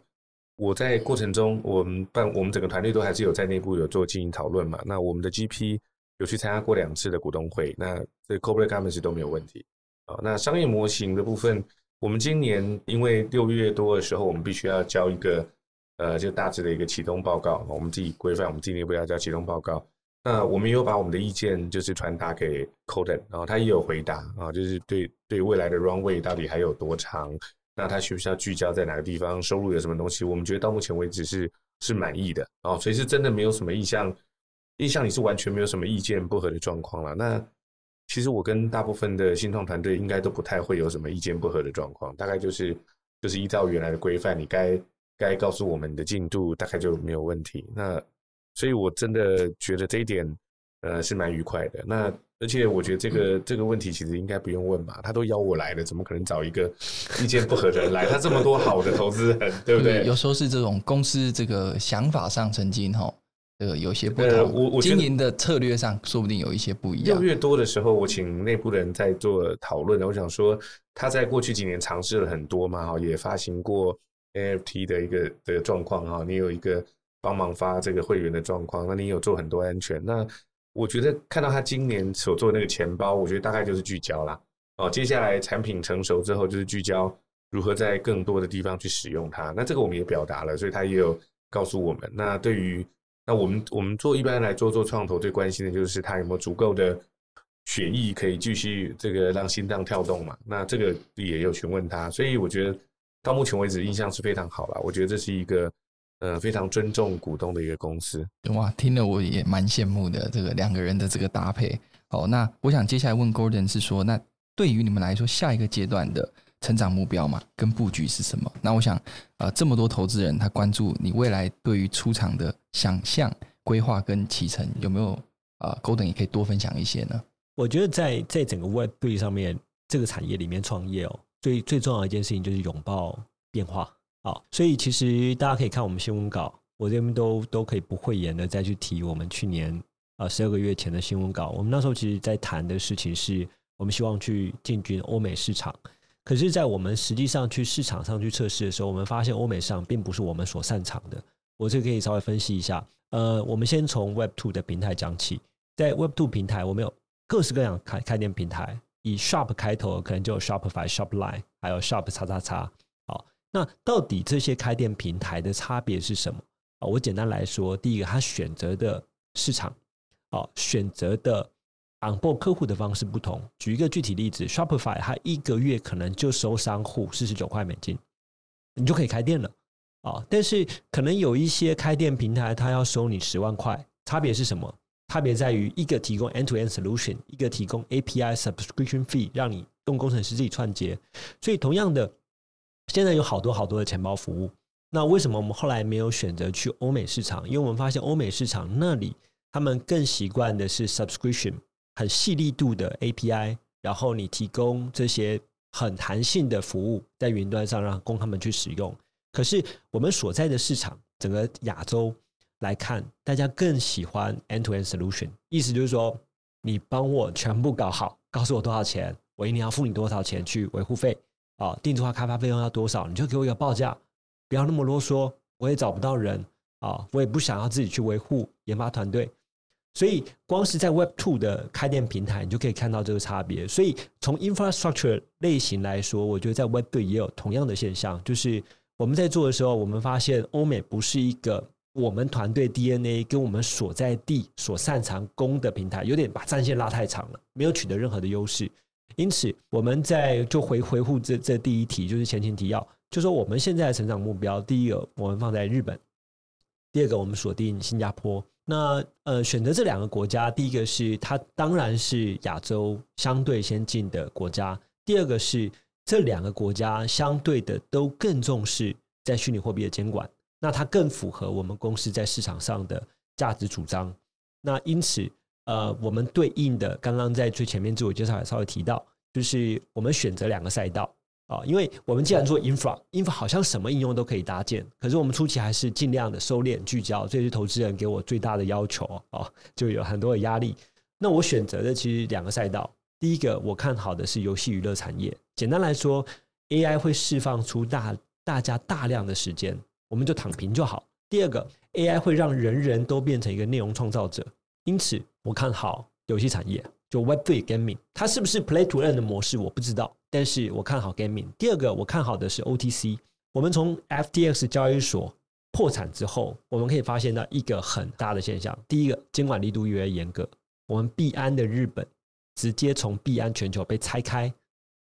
我在過程中，我們辦我們整個團隊都還是有在內部有做經營討論嘛。那我們的 GP 有去參加過兩次的股東會，那這 Corporate Governance 都沒有問題啊。那商業模型的部分，我們今年因為六月多的時候，我們必須要交一個呃，就大致的一個啟動報告。我們自己規範，我們今年要交啟動報告。那我們也有把我們的意見就是傳達給 Kordan，然後他也有回答啊，就是對對未來的 Runway 到底還有多長，那他需不需要聚焦在哪個地方，收入有什麼東西，我們覺得到目前為止是是滿意的啊，哦，所以是真的沒有什麼意向，印象裡是完全沒有什麼意見不合的狀況了。那其實我跟大部分的新創團隊應該都不太會有什麼意見不合的狀況，大概就是就是依照原來的規範，你該該告訴我們你的進度，大概就沒有問題。那。所以，我真的覺得這一點，呃，是蠻愉快的。那而且，我覺得這個、嗯、這個問題其實應該不用問吧？他都邀我來了，怎麼可能找一個意見不合的人來？ [LAUGHS] 他這麼多好的投資人，對不對？對，有時候是這種公司這個想法上曾經哈、呃，有些不同。這個、我我覺得經營的策略上說不定有一些不一樣。越來越多的時候，我請內部的人在做討論。我想說，他在過去幾年嘗試了很多嘛，哈，也發行過 NFT 的一個的狀況啊。你有一個。幫忙發這個會員的狀況，那你也有做很多安全。那我覺得看到他今年所做的那個錢包，我覺得大概就是聚焦啦。哦，接下來產品成熟之後，就是聚焦如何在更多的地方去使用它。那這個我們也表達了，所以他也有告訴我們。那對於，那我們，我們做一般來做做創投最關心的就是他有沒有足夠的血液可以繼續這個讓心臟跳動嘛。那這個也有詢問他，所以我覺得到目前為止印象是非常好啦，我覺得這是一個。呃，非常尊重股東的一個公司哇，聽了我也蠻羨慕的。這個兩個人的這個搭配，好。那我想接下來問 Kordan 是說，那對於你們來說，下一個階段的成長目標嘛，跟布局是什麼？那我想，呃，這麼多投資人他關注你未來對於出場的想象規劃跟啟程、嗯，有沒有啊、呃、Kordan 也可以多分享一些呢。我覺得在在整個 Web3 上面這個產業裡面創業哦，最最重要的一件事情就是擁抱變化。好，所以其實大家可以看我們新聞稿，我這邊都都可以不諱言的再去提我們去年啊十二個月前的新聞稿。我們那時候其實在談的事情是，我們希望去進軍歐美市場。可是，在我們實際上去市場上去測試的時候，我們發現歐美上並不是我們所擅長的。我這個可以稍微分析一下。呃，我們先從 Web Two 的平台講起，在 Web Two 平台，我們有各式各樣開開店平台，以 Shop 開頭，可能就有 Shopify、Shopline，還有 Shop 叉叉叉。那到底這些開店平台的差別是什麼啊？我簡單來說，第一個，他選擇的市場，啊，選擇的 onboard 客戶的方式不同。舉一個具體例子，Shopify 他一個月可能就收商戶四十九塊美金，你就可以開店了啊。但是可能有一些開店平台，它要收你十萬塊。差別是什麼？差別在於一個提供 end to end solution，一個提供 API subscription fee，讓你用工程師自己串接。所以同樣的。現在有好多好多的錢包服務，那為什麼我們後來沒有選擇去歐美市場？因為我們發現歐美市場那裡他們更習慣的是 subscription、很細粒度的 API，然後你提供這些很彈性的服務在雲端上讓，讓供他們去使用。可是我們所在的市場，整個亞洲來看，大家更喜歡 end to end solution，意思就是說你幫我全部搞好，告訴我多少錢，我一定要付你多少錢去維護費。啊，定制化開發費用要多少？你就給我一個報價，不要那麼囉嗦。我也找不到人啊，我也不想要自己去維護研發團隊。所以，光是在 Web Two 的開店平台，你就可以看到這個差別。所以，從 Infrastructure 類型來說，我覺得在 Web Two 也有同樣的現象。就是我們在做的時候，我們發現歐美不是一個我們團隊 DNA 跟我們所在地所擅長攻的平台，有點把戰線拉太長了，沒有取得任何的優勢。因此，我們在就回回復這這第一題，就是前情提要，就說我們現在的成長目標，第一個我們放在日本，第二個我們鎖定新加坡。那呃，選擇這兩個國家，第一個是它當然是亞洲相對先進的國家，第二個是這兩個國家相對的都更重視在虛擬貨幣的監管，那它更符合我們公司在市場上的價值主張。那因此。呃，我們對應的剛剛在最前面自我介紹也稍微提到，就是我們選擇兩個賽道啊、哦，因為我們既然做 infra，infra infra 好像什麼應用都可以搭建，可是我們初期還是盡量的收斂聚焦，這也是投資人給我最大的要求哦，就有很多的壓力。那我選擇的其實兩個賽道，第一個我看好的是遊戲娛樂產業，簡單來說，AI 會釋放出大大家大量的時間，我們就躺平就好；第二個，AI 會讓人人都變成一個內容創造者，因此。我看好遊戲產業，就 Web Three Gaming，它是不是 Play to Earn 的模式我不知道，但是我看好 Gaming。第二個，我看好的是 OTC。我們從 FTX 交易所破產之後，我們可以發現到一個很大的現象：第一個，監管力度越來越嚴格。我們幣安的日本直接從幣安全球被拆開，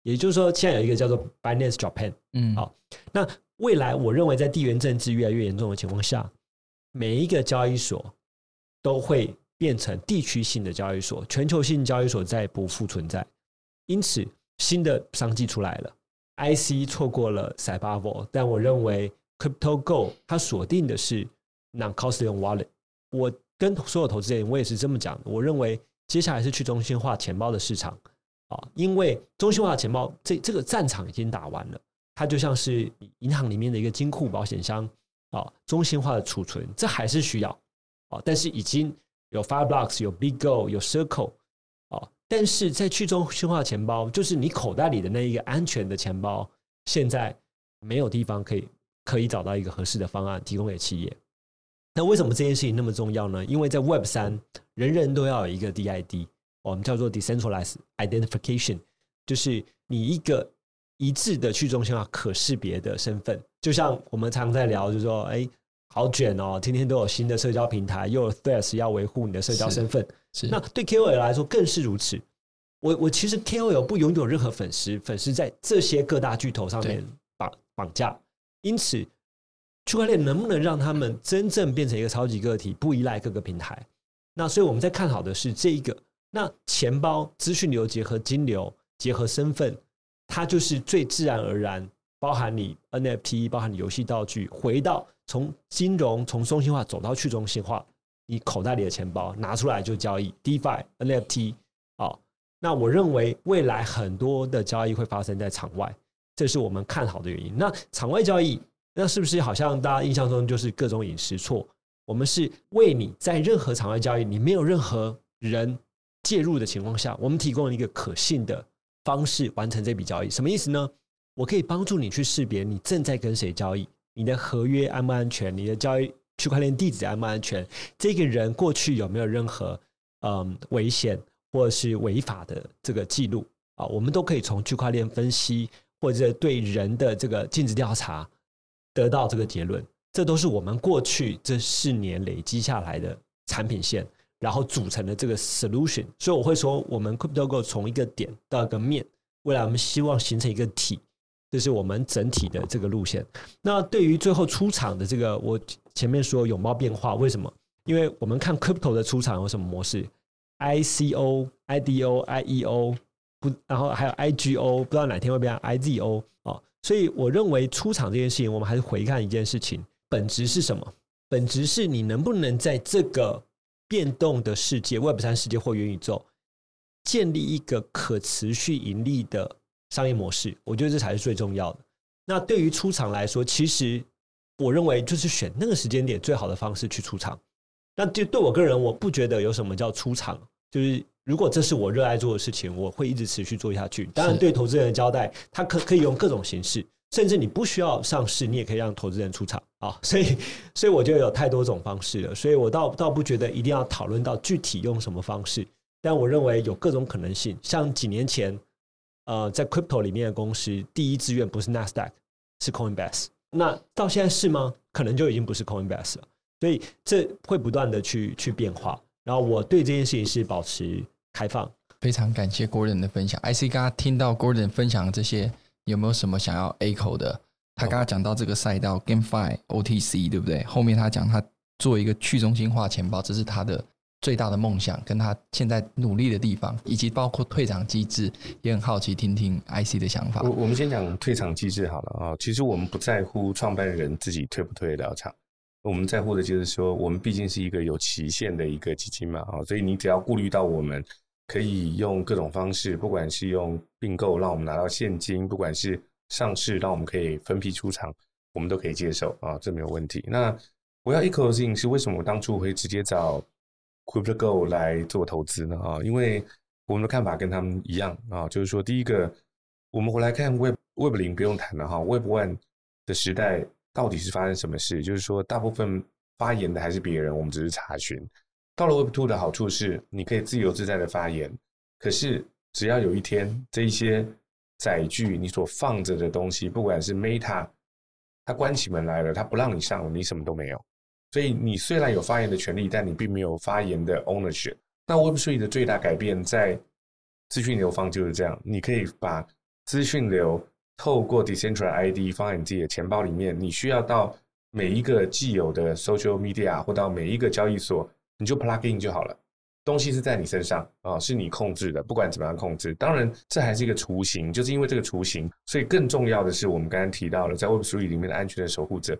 也就是說，現在有一個叫做 Binance Japan。嗯，好。那未來，我認為在地緣政治越來越嚴重的情況下，每一個交易所都會。變成地區性的交易所，全球性交易所再不復存在，因此新的商機出來了。IC 錯過了 CYBAVO，但我認為 KryptoGO 它鎖定的是 Non-Custodial Wallet。我跟所有投資人，我也是這麼講的。我認為接下來是去中心化錢包的市場啊、哦，因為中心化的錢包這這個戰場已經打完了，它就像是銀行裡面的一個金庫保險箱啊、哦，中心化的儲存，這還是需要啊、哦，但是已經。有 Fireblocks，有 Bigo，有 Circle，哦，但是在去中心化錢包，就是你口袋裡的那一個安全的錢包，現在沒有地方可以可以找到一個合適的方案提供給企業。那為什麼這件事情那麼重要呢？因為在 Web 3，人人都要有一個 DID，我們叫做 Decentralized Identification，就是你一個一致的去中心化可識別的身份。就像我們常在聊，就是說，哎。好捲哦！天天都有新的社交平台，又有 Threads 要維護你的社交身份。那對 KOL 來說更是如此。我我其實 KOL 不擁有任何粉絲，粉絲在這些各大巨頭上面綁綁架。因此，區塊鏈能不能讓他們真正變成一個超級個體，不依賴各個平台？那所以我們在看好的是這一個。那錢包、資訊流結合、金流結合、身份，它就是最自然而然。包含你 NFT，包含你遊戲道具，回到從金融從中心化走到去中心化，你口袋裡的錢包拿出來就交易 DeFi NFT 好。那我認為未來很多的交易會發生在場外，這是我們看好的原因。那場外交易，那是不是好像大家印象中就是各種飲食錯？我們是為你在任何場外交易，你沒有任何人介入的情況下，我們提供一個可信的方式完成這筆交易，什麼意思呢？我可以幫助你去識別你正在跟誰交易，你的合約安不安全，你的交易區塊鏈地址安不安全，這個人過去有沒有任何嗯危險或者是違法的這個記錄啊。我們都可以從區塊鏈分析或者對人的這個盡職調查得到這個結論。這都是我們過去這四年累積下來的產品線，然後組成的這個 solution。所以我會說，我們 KryptoGO 從一個點到一個面，未來我們希望形成一個體。這是我們整體的這個路線。那對於最後出場的這個，我前面說有沒有變化，為什麼？因為我們看 crypto 的出場有什麼模式，ICO、IDO、IEO 不，然後還有 IGO，不知道哪天會變 IZO 啊、哦。所以我認為出場這件事情，我們還是回看一件事情，本質是什麼？本質是你能不能在這個變動的世界、Web 三世界或元宇宙建立一個可持續盈利的？商業模式，我覺得這才是最重要的。那對於出場來說，其實我認為就是選那個時間點最好的方式去出場。那就對我個人，我不覺得有什麼叫出場。就是如果這是我熱愛做的事情，我會一直持續做下去。當然，對投資人的交代，他可可以用各種形式，甚至你不需要上市，你也可以讓投資人出場啊。所以，所以我就有太多種方式了。所以我倒倒不覺得一定要討論到具體用什麼方式。但我認為有各種可能性，像幾年前。呃，在 crypto 裡面的公司，第一志願不是 NASDAQ，是 Coinbase。那到現在是嗎？可能就已經不是 Coinbase 了。所以這會不斷的去去變化。然後我對這件事情是保持開放。非常感謝 Kordan 的分享。IC 剛剛聽到 Kordan 分享這些，有沒有什麼想要 echo 的？他剛剛講到這個賽道 GameFi、Game5、OTC，對不對？後面他講他做一個去中心化錢包，這是他的最大的夢想，跟他現在努力的地方，以及包括退場機制，也很好奇聽聽 IC 的想法。我我們先講退場機制好了啊。其實我們不在乎創辦人自己退不退了場，我們在乎的就是說，我們畢竟是一個有期限的一個基金嘛啊。所以你只要顧慮到我們可以用各種方式，不管是用併購讓我們拿到現金，不管是上市讓我們可以分批出場，我們都可以接受啊，這沒有問題。那我要一口 u a 是為什麼我當初會直接找 KryptoGO 來做投資呢啊，因為我們的看法跟他們一樣啊，就是說，第一個，我們回來看 Web Web 零不用談了哈，Web One 的時代到底是發生什麼事？就是說，大部分發言的還是別人，我們只是查詢。到了 Web Two 的好處是，你可以自由自在的發言。可是，只要有一天這一些載具你所放着的東西，不管是 Meta，它關起門來了，它不讓你上了，你什麼都沒有。所以你雖然有發言的權利，但你並沒有發言的 ownership。那 Web3 的最大改變在資訊流方就是這樣，你可以把資訊流透過 Decentralized ID 放在你自己的錢包裡面。你需要到每一個既有的 Social Media 或到每一個交易所，你就 Plug in 就好了。東西是在你身上啊，是你控制的，不管怎麼樣控制。當然，這還是一個雛形，就是因為這個雛形，所以更重要的是我們剛剛提到了在 Web3 裡面的安全的守護者。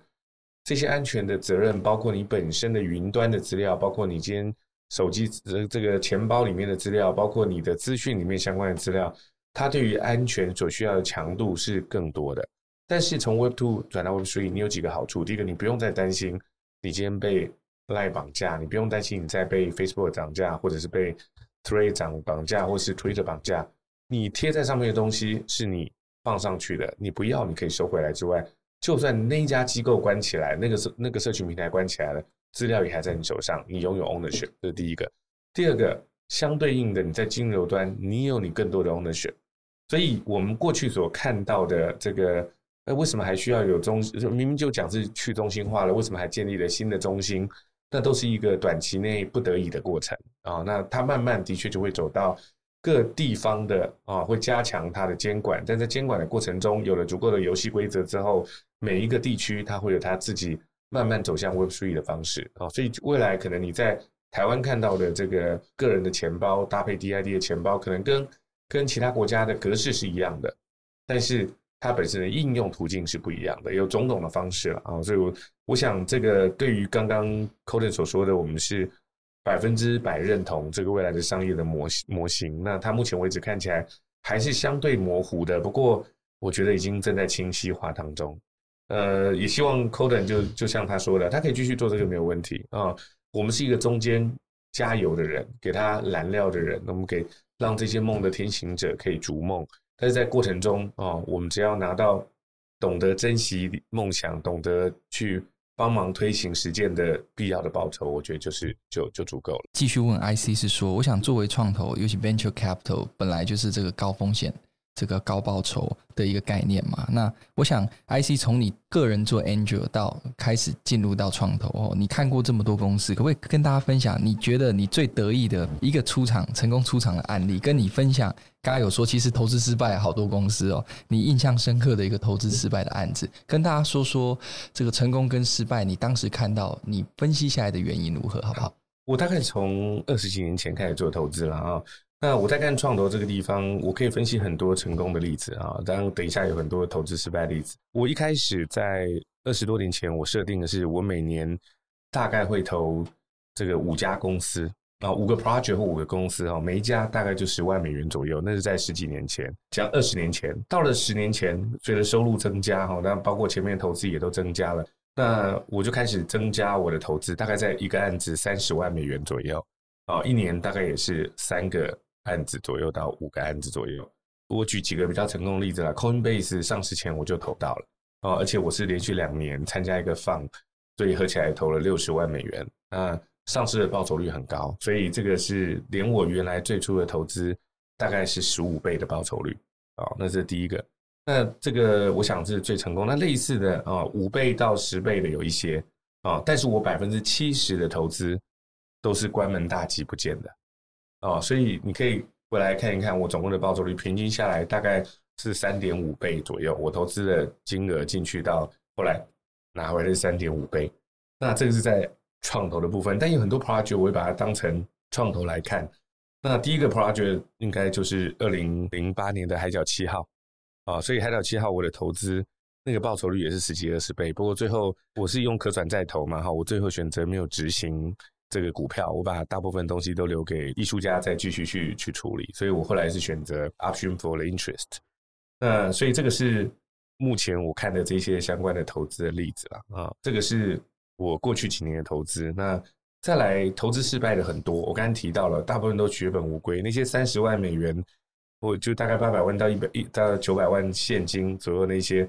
這些安全的責任，包括你本身的雲端的資料，包括你今天手機這個錢包裡面的資料，包括你的資訊裡面相關的資料，它對於安全所需要的強度是更多的。但是從 Web Two 轉到 Web Three，你有幾個好處：第一個，你不用再擔心你今天被 LINE 綁架，你不用擔心你再被 Facebook 漲價，或者是被 t r e 漲綁架，或是 Twitter 綁架。你貼在上面的東西是你放上去的，你不要你可以收回來之外，就算那一家機構關起來，那個社那個社群平台關起來了，資料也還在你手上，你擁有 ownership，這是第一個。第二個，相對應的，你在金融端，你有你更多的 ownership。所以，我們過去所看到的這個，哎，為什麼還需要有中？明明就講是去中心化了，為什麼還建立了新的中心？那都是一個短期內不得已的過程啊、哦。那它慢慢的確就會走到各地方的啊、哦，會加強它的監管。但在監管的過程中，有了足夠的遊戲規則之後。每一個地區，它會有它自己慢慢走向 Web three 的方式啊，所以未來可能你在台灣看到的這個個人的錢包搭配 DID 的錢包，可能跟跟其他國家的格式是一樣的，但是它本身的應用途徑是不一樣的，有種種的方式了啊。所以，我我想這個對於剛剛 Kordan 所說的，我們是百分之百認同這個未來的商業的模模型。那它目前為止看起來還是相對模糊的，不過我覺得已經正在清晰化當中。呃，也希望 Kordan 就就像他說的，他可以繼續做這個沒有問題啊、哦。我們是一個中間加油的人，給他燃料的人，那我們給讓這些夢的天行者可以逐夢。但是在過程中啊、哦，我們只要拿到懂得珍惜夢想、懂得去幫忙推行實踐的必要的報酬，我覺得就是就就足夠了。繼續問 IC 是說，我想作為創投，尤其 Venture Capital 本來就是這個高風險。這個高報酬的一個概念嘛。那我想，IC 從你個人做 Angel 到開始進入到創投哦，你看過這麼多公司，可不可以跟大家分享，你覺得你最得意的一個出場成功出場的案例，跟你分享，剛才有說，其實投資失敗好多公司哦，你印象深刻的一個投資失敗的案子，跟大家說說，這個成功跟失敗，你當時看到你分析下來的原因如何，好不好？好，我大概從二十幾年前開始做投資了啊、哦。那我在看創投這個地方，我可以分析很多成功的例子啊，當然等一下有很多投資失敗例子。我一開始在二十多年前，我設定的是我每年大概會投這個五家公司啊，五個 project 或五個公司啊，每一家大概就十萬美元左右。那是在十幾年前，講二十年前，到了十年前，隨着收入增加哈，那包括前面的投資也都增加了，那我就開始增加我的投資，大概在一個案子三十萬美元左右啊，一年大概也是三個案子左右到五個案子左右，我舉幾個比較成功的例子啦，Coinbase 上市前我就投到了哦，而且我是連續兩年參加一個 fund，所以合起來投了六十萬美元。那上市的報酬率很高，所以這個是連我原來最初的投資大概是十五倍的報酬率哦，那是第一個，那這個我想是最成功。那類似的啊，五倍到十倍的有一些啊，但是我百分之七十的投資都是關門大吉不見的。哦、所以你可以過來看一看，我總共的報酬率平均下來大概是三點五倍左右。我投資的金額進去到後來拿回來是三點五倍，那這個是在創投的部分。但有很多 project，我會把它當成創投來看。那第一個 project 應該就是二零零八年的海角七號啊、哦，所以海角七號我的投資那個報酬率也是十幾二十倍。不過最後我是用可轉債投嘛、哦，我最後選擇沒有執行。這個股票，我把大部分東西都留給藝術家再繼續去去處理，所以我後來是選擇 option for the interest。那、嗯、所以這個是目前我看的這些相關的投資的例子了啊、嗯，這個是我過去幾年的投資。那再來，投資失敗的很多，我剛剛提到了，大部分都血本無歸。那些三十萬美元，或就大概八百萬到一百一，到九百萬現金左右那些，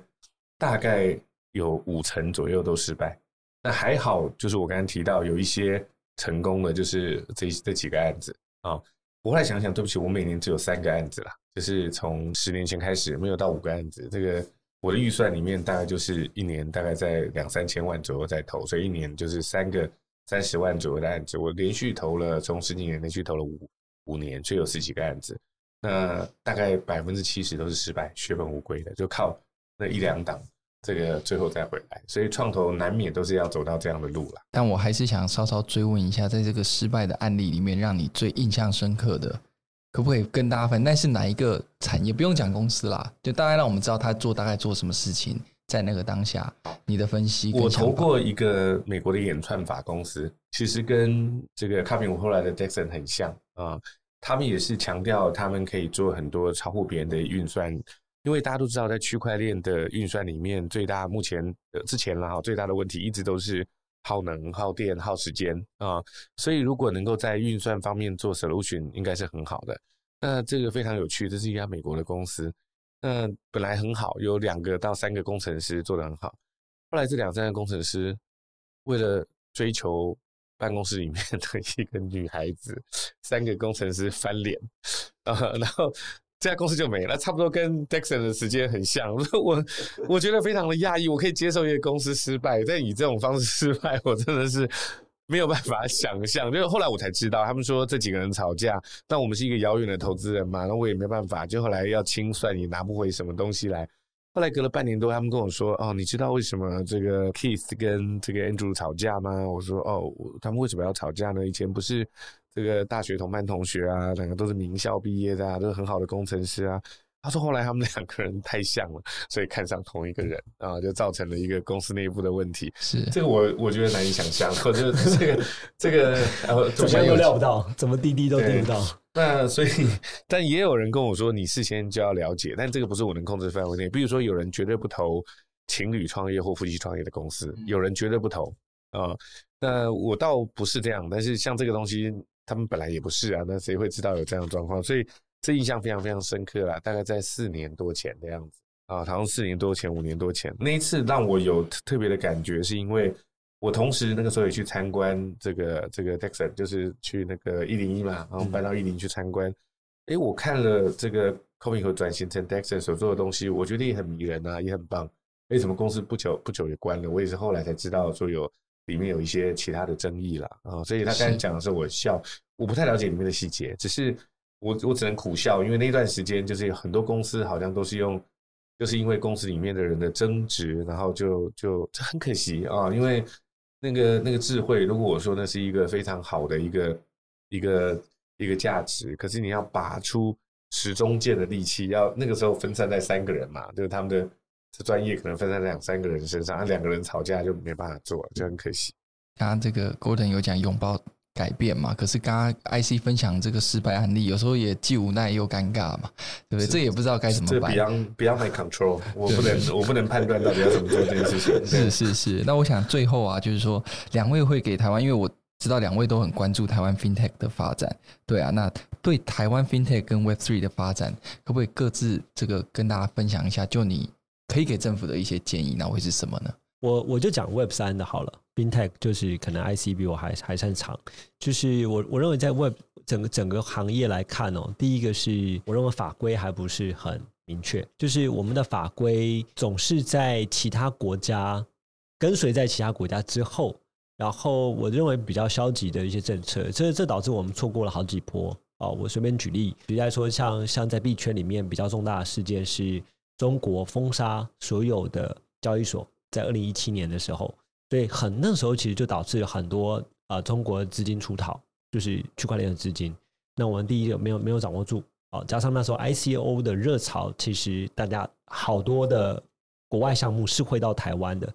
大概有五成左右都失敗。那還好，就是我剛剛提到有一些。成功的就是這這幾個案子啊！我後來想想，對不起，我每年只有三個案子啦，就是從十年前開始，沒有到五個案子。這個我的預算裡面大概就是一年大概在兩三千萬左右在投，所以一年就是三個三十萬左右的案子。我連續投了從十幾年連續投了五五年，卻有十幾個案子。那大概百分之七十都是失敗、血本無歸的，就靠那一兩檔。這個最後再回來，所以創投難免都是要走到這樣的路了。但我還是想稍稍追問一下，在這個失敗的案例裡面，讓你最印象深刻的，可不可以跟大家分享？那是哪一個產業？不用講公司啦，就大概讓我們知道他做大概做什麼事情，在那個當下，你的分析。我投過一個美國的演算法公司，其實跟這個卡比姆後來的 Dexon 很像啊，呃，他們也是強調他們可以做很多超乎別人的運算。因為大家都知道，在區塊鏈的運算裡面，最大目前之前了哈，最大的問題一直都是耗能、耗電、耗時間啊、呃。所以，如果能夠在運算方面做 solution，應該是很好的。那這個非常有趣，這是一家美國的公司。那本來很好，有兩個到三個工程師做得很好，後來這兩三個工程師為了追求辦公室裡面的一個女孩子，三個工程師翻臉啊、呃，然後。這家公司就沒了，差不多跟 Dexon 的時間很像。我我覺得非常的訝異，我可以接受一個公司失敗，但以這種方式失敗，我真的是沒有辦法想象。就是後來我才知道，他們說這幾個人吵架，但我們是一個遙遠的投資人嘛，那我也沒辦法。就後來要清算也拿不回什麼東西來。後來隔了半年多，他們跟我說：“哦，你知道為什麼這個 Keith 跟這個 Andrew 吵架嗎？”我說：“哦，他們為什麼要吵架呢？以前不是。”這個大學同班同學啊，兩個都是名校畢業的啊，都是很好的工程師啊。他說後來他們兩個人太像了，所以看上同一個人啊、呃，就造成了一個公司內部的問題。是這個我我覺得難以想象，可是這個 [LAUGHS] 這個怎麼又料不到，怎麼滴滴都料不到對？那所以、嗯、但也有人跟我說，你事先就要了解，但這個不是我能控制範圍內。比如說有人絕對不投情侶創業或夫妻創業的公司，有人絕對不投啊、呃。那我倒不是這樣，但是像這個東西。他們本來也不是啊，那誰會知道有這樣的狀況？所以這印象非常非常深刻啊，大概在四年多前的樣子啊，好像四年多前、五年多前。那一次讓我有特別的感覺，是因為我同時那個時候也去參觀這個這個 Dexon，就是去那個一零一嘛，然後搬到一零去參觀。哎、嗯欸，我看了這個 Cobinhood 和轉型成 Dexon 所做的東西，我覺得也很迷人啊，也很棒。哎、欸，什麼公司不久不久也關了？我也是後來才知道說有。裡面有一些其他的爭議啦啊，所以他剛才講的時候我笑，我不太了解裡面的細節，只是我我只能苦笑，因為那段時間就是很多公司好像都是用，就是因為公司裡面的人的爭執，然後就就這很可惜啊，因為那個那個智慧，如果我說那是一個非常好的一個一個一個價值，可是你要拔出石中劍的利器，要那個時候分散在三個人嘛，就是他們的。這專業可能分在兩三個人身上，那兩個人吵架就沒辦法做，就很可惜。剛剛這個 Kordan 有講擁抱改變嘛，可是剛剛 IC 分享這個失敗案例，有時候也既無奈又尷尬嘛，對不對？這也不知道該怎麼辦。這個、beyond Beyond my control，我不能我不能判斷到底要怎麼做這件事情。是是是。那我想最後啊，就是說，兩位會給台灣，因為我知道兩位都很關注台灣 fintech 的發展，對啊，那對台灣 fintech 跟 Web three 的發展，可不可以各自這個跟大家分享一下？就你。可以給政府的一些建議，那會是什麼呢？我我就講 Web 三的好了，FinTech 就是可能 IC 比我還還擅長。就是我我認為在 Web 整個整個行業來看哦，第一個是我認為法規還不是很明確，就是我們的法規總是在其他國家跟隨在其他國家之後，然後我認為比較消極的一些政策，這這導致我們錯過了好幾波哦，我隨便舉例，比如說像像在幣圈裡面比較重大的事件是。中國封殺所有的交易所，在二零一七年的時候，所以很那時候其實就導致很多啊、呃、中國的資金出逃，就是區塊鏈的資金。那我們第一個沒有沒有掌握住啊、哦，加上那時候 ICO 的熱潮，其實大家好多的國外項目是會到台灣的。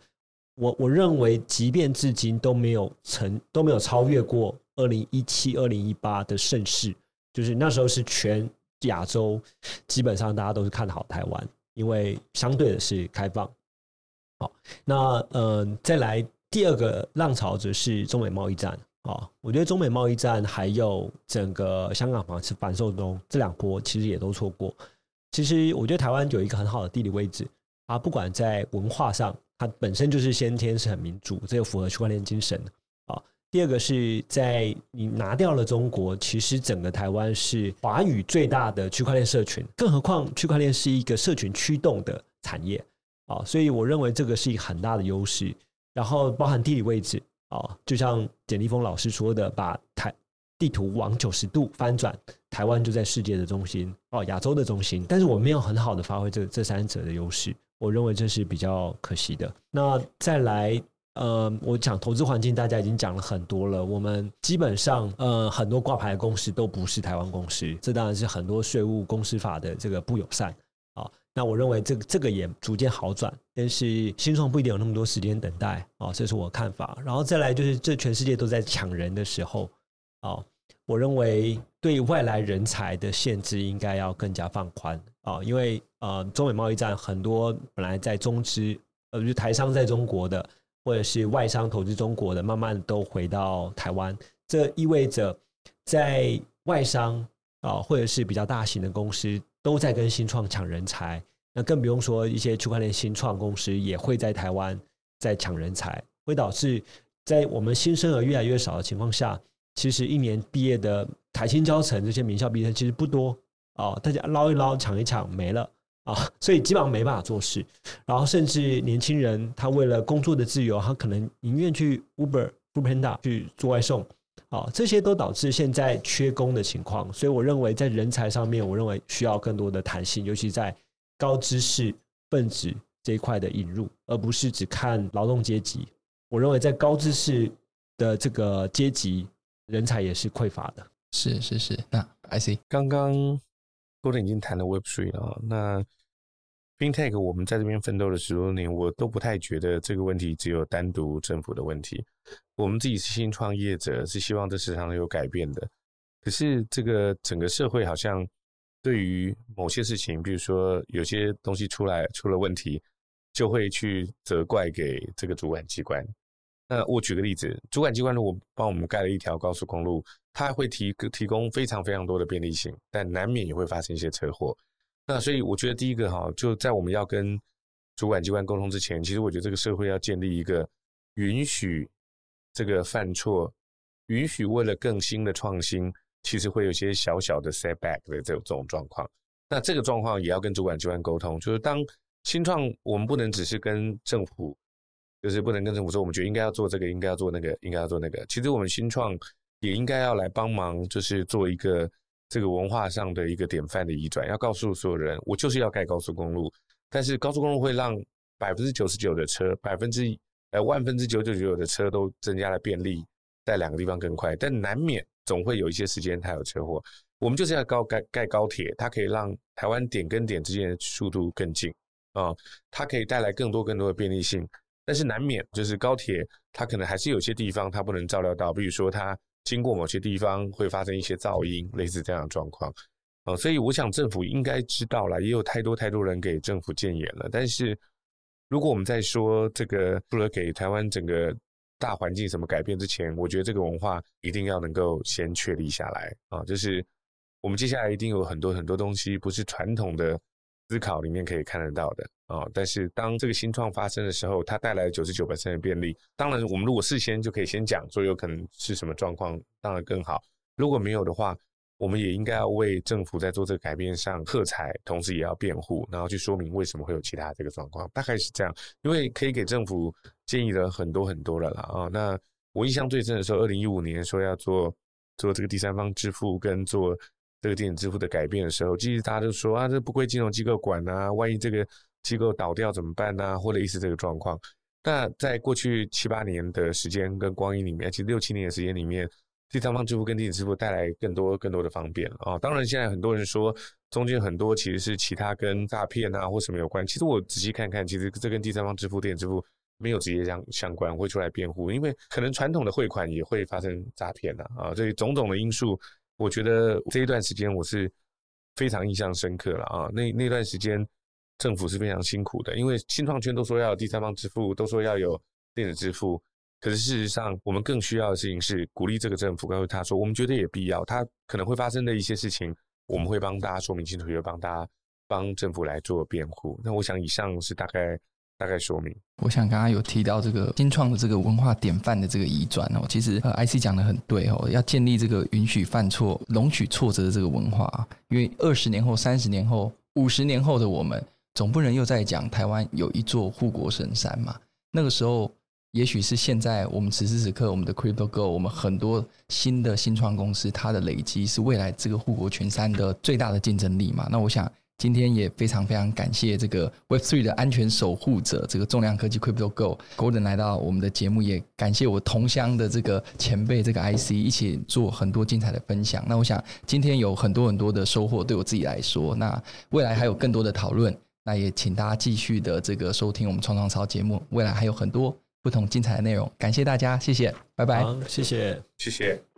我我認為，即便至今都沒有成都沒有超越過二零一七、二零一八的盛世，就是那時候是全亞洲基本上大家都是看好台灣。因為相對的是開放，好，那嗯、呃、再來第二個浪潮則是中美貿易戰啊。我覺得中美貿易戰還有整個香港房市反送中這兩波其實也都錯過。其實我覺得台灣有一個很好的地理位置，啊，不管在文化上，它本身就是先天是很民主，這也符合區塊鏈精神。第二個是在你拿掉了中國，其實整個台灣是華語最大的區塊鏈社群，更何況區塊鏈是一個社群驅動的產業啊、哦，所以我認為這個是一個很大的優勢。然後包含地理位置啊、哦，就像簡立峰老師說的，把台地圖往九十度翻轉，台灣就在世界的中心哦，亞洲的中心，但是我沒有很好的發揮這個、這三者的優勢，我認為這是比較可惜的。那再來。呃，我講投資環境，大家已經講了很多了。我們基本上，呃，很多掛牌的公司都不是台灣公司，這當然是很多稅務公司法的這個不友善啊、哦。那我認為，這個，這這個也逐漸好轉，但是新創不一定有那麼多時間等待啊、哦，這是我看法。然後再來就是，這全世界都在搶人的時候啊、哦，我認為對外來人才的限制應該要更加放寬啊、哦，因為呃，中美貿易戰很多本來在中資呃，就是、台商在中國的。或者是外商投資中國的，慢慢都回到台灣，這意味着在外商啊，或者是比較大型的公司都在跟新創搶人才，那更不用說一些區塊鏈新創公司也會在台灣在搶人才，會導致在我們新生兒越來越少的情況下，其實一年畢業的台清交成這些名校畢業生其實不多啊，大家撈一撈、搶一搶，沒了。啊，所以基本上沒辦法做事，然後甚至年輕人他為了工作的自由，他可能寧願去 Uber、Uber Panda 去做外送啊，這些都導致現在缺工的情況。所以我認為在人才上面，我認為需要更多的彈性，尤其在高知識分子這一塊的引入，而不是只看勞動階級。我認為在高知識的這個階級人才也是匱乏的。是是是，那 IC 剛剛。說的已經談了 Web3 了。那 Fintech，我們在這邊奮鬥了十多年，我都不太覺得這個問題只有單獨政府的問題。我們自己是新創業者，是希望這市場能有改變的。可是這個整個社會好像對於某些事情，比如說有些東西出來出了問題，就會去責怪給這個主管機關。那我舉個例子，主管機關如果幫我們蓋了一條高速公路，它會提提供非常非常多的便利性，但難免也會發生一些車禍。那所以我覺得第一個哈，就在我們要跟主管機關溝通之前，其實我覺得這個社會要建立一個允許這個犯錯，允許為了更新的創新，其實會有些小小的 setback 的這種這種狀況。那這個狀況也要跟主管機關溝通，就是當新創，我們不能只是跟政府。就是不能跟政府說，我們覺得應該要做這個，應該要做那個，應該要做那個。其實我們新創也應該要來幫忙，就是做一個這個文化上的一個典範的移轉，要告訴所有人，我就是要蓋高速公路。但是高速公路會讓百分之九十九的車，百分之呃萬分之九十九的車都增加了便利，在兩個地方更快，但難免總會有一些時間它有車禍。我們就是要高蓋蓋高鐵，它可以讓台灣點跟點之間的速度更近啊、嗯，它可以帶來更多更多的便利性。但是難免就是高鐵，它可能還是有些地方它不能照料到，比如說它經過某些地方會發生一些噪音，類似這樣的狀況，哦、嗯，所以我想政府應該知道了，也有太多太多人給政府建言了。但是，如果我們在說這個，除了給台灣整個大環境什麼改變之前，我覺得這個文化一定要能夠先確立下來啊、嗯，就是我們接下來一定有很多很多東西，不是傳統的思考裡面可以看得到的。啊、哦！但是當這個新創發生的時候，它帶來了九十九百分的便利。當然，我們如果事先就可以先講說有可能是什麼狀況，當然更好。如果沒有的話，我們也應該要為政府在做這個改變上喝彩，同時也要辯護，然後去說明為什麼會有其他這個狀況，大概是這樣。因為可以給政府建議的很多很多了啦。啊、哦、那我印象最深的時候，二零一五年說要做做這個第三方支付跟做這個電子支付的改變的時候，其實大家都說啊，這不歸金融機構管啊，萬一這個。機構倒掉怎麼辦呢、啊？或者類似這個狀況，那在過去七八年的時間跟光陰裡面，其實六七年的時間裡面，第三方支付跟電子支付帶來更多更多的方便啊、哦。當然，現在很多人說中間很多其實是其他跟詐騙啊或什麼有關係。其實我仔細看看，其實這跟第三方支付、電子支付沒有直接相相關。會出來辯護，因為可能傳統的匯款也會發生詐騙吶啊、哦。所以種種的因素，我覺得這一段時間我是非常印象深刻了啊、哦。那那段時間。政府是非常辛苦的，因為新創圈都說要有第三方支付，都說要有電子支付，可是事實上，我們更需要的事情是鼓勵這個政府，告訴他說，我們覺得也必要。他可能會發生的一些事情，我們會幫大家說明清楚，也會幫大家幫政府來做辯護。那我想，以上是大概大概說明。我想剛剛有提到這個新創的這個文化典範的這個移轉哦，其實呃，IC 講得很對哦，要建立這個允許犯錯、容許挫折的這個文化，因為二十年後、三十年後、五十年後的我們。總不能又在講台灣有一座護國神山嘛？那個時候，也許是現在我們此時此刻我們的 KryptoGO，我們很多新的新創公司，它的累積是未來這個護國群山的最大的競爭力嘛？那我想今天也非常非常感謝這個 Web Three 的安全守護者，這個重量科技 KryptoGO Kordan 來到我們的節目，也感謝我同鄉的這個前輩這個 IC 一起做很多精彩的分享。那我想今天有很多很多的收穫，對我自己來說，那未來還有更多的討論。那也請大家繼續的這個收聽我們“創創燒”節目，未來還有很多不同精彩的內容。感謝大家，謝謝，拜拜，嗯，謝謝，謝謝。謝謝。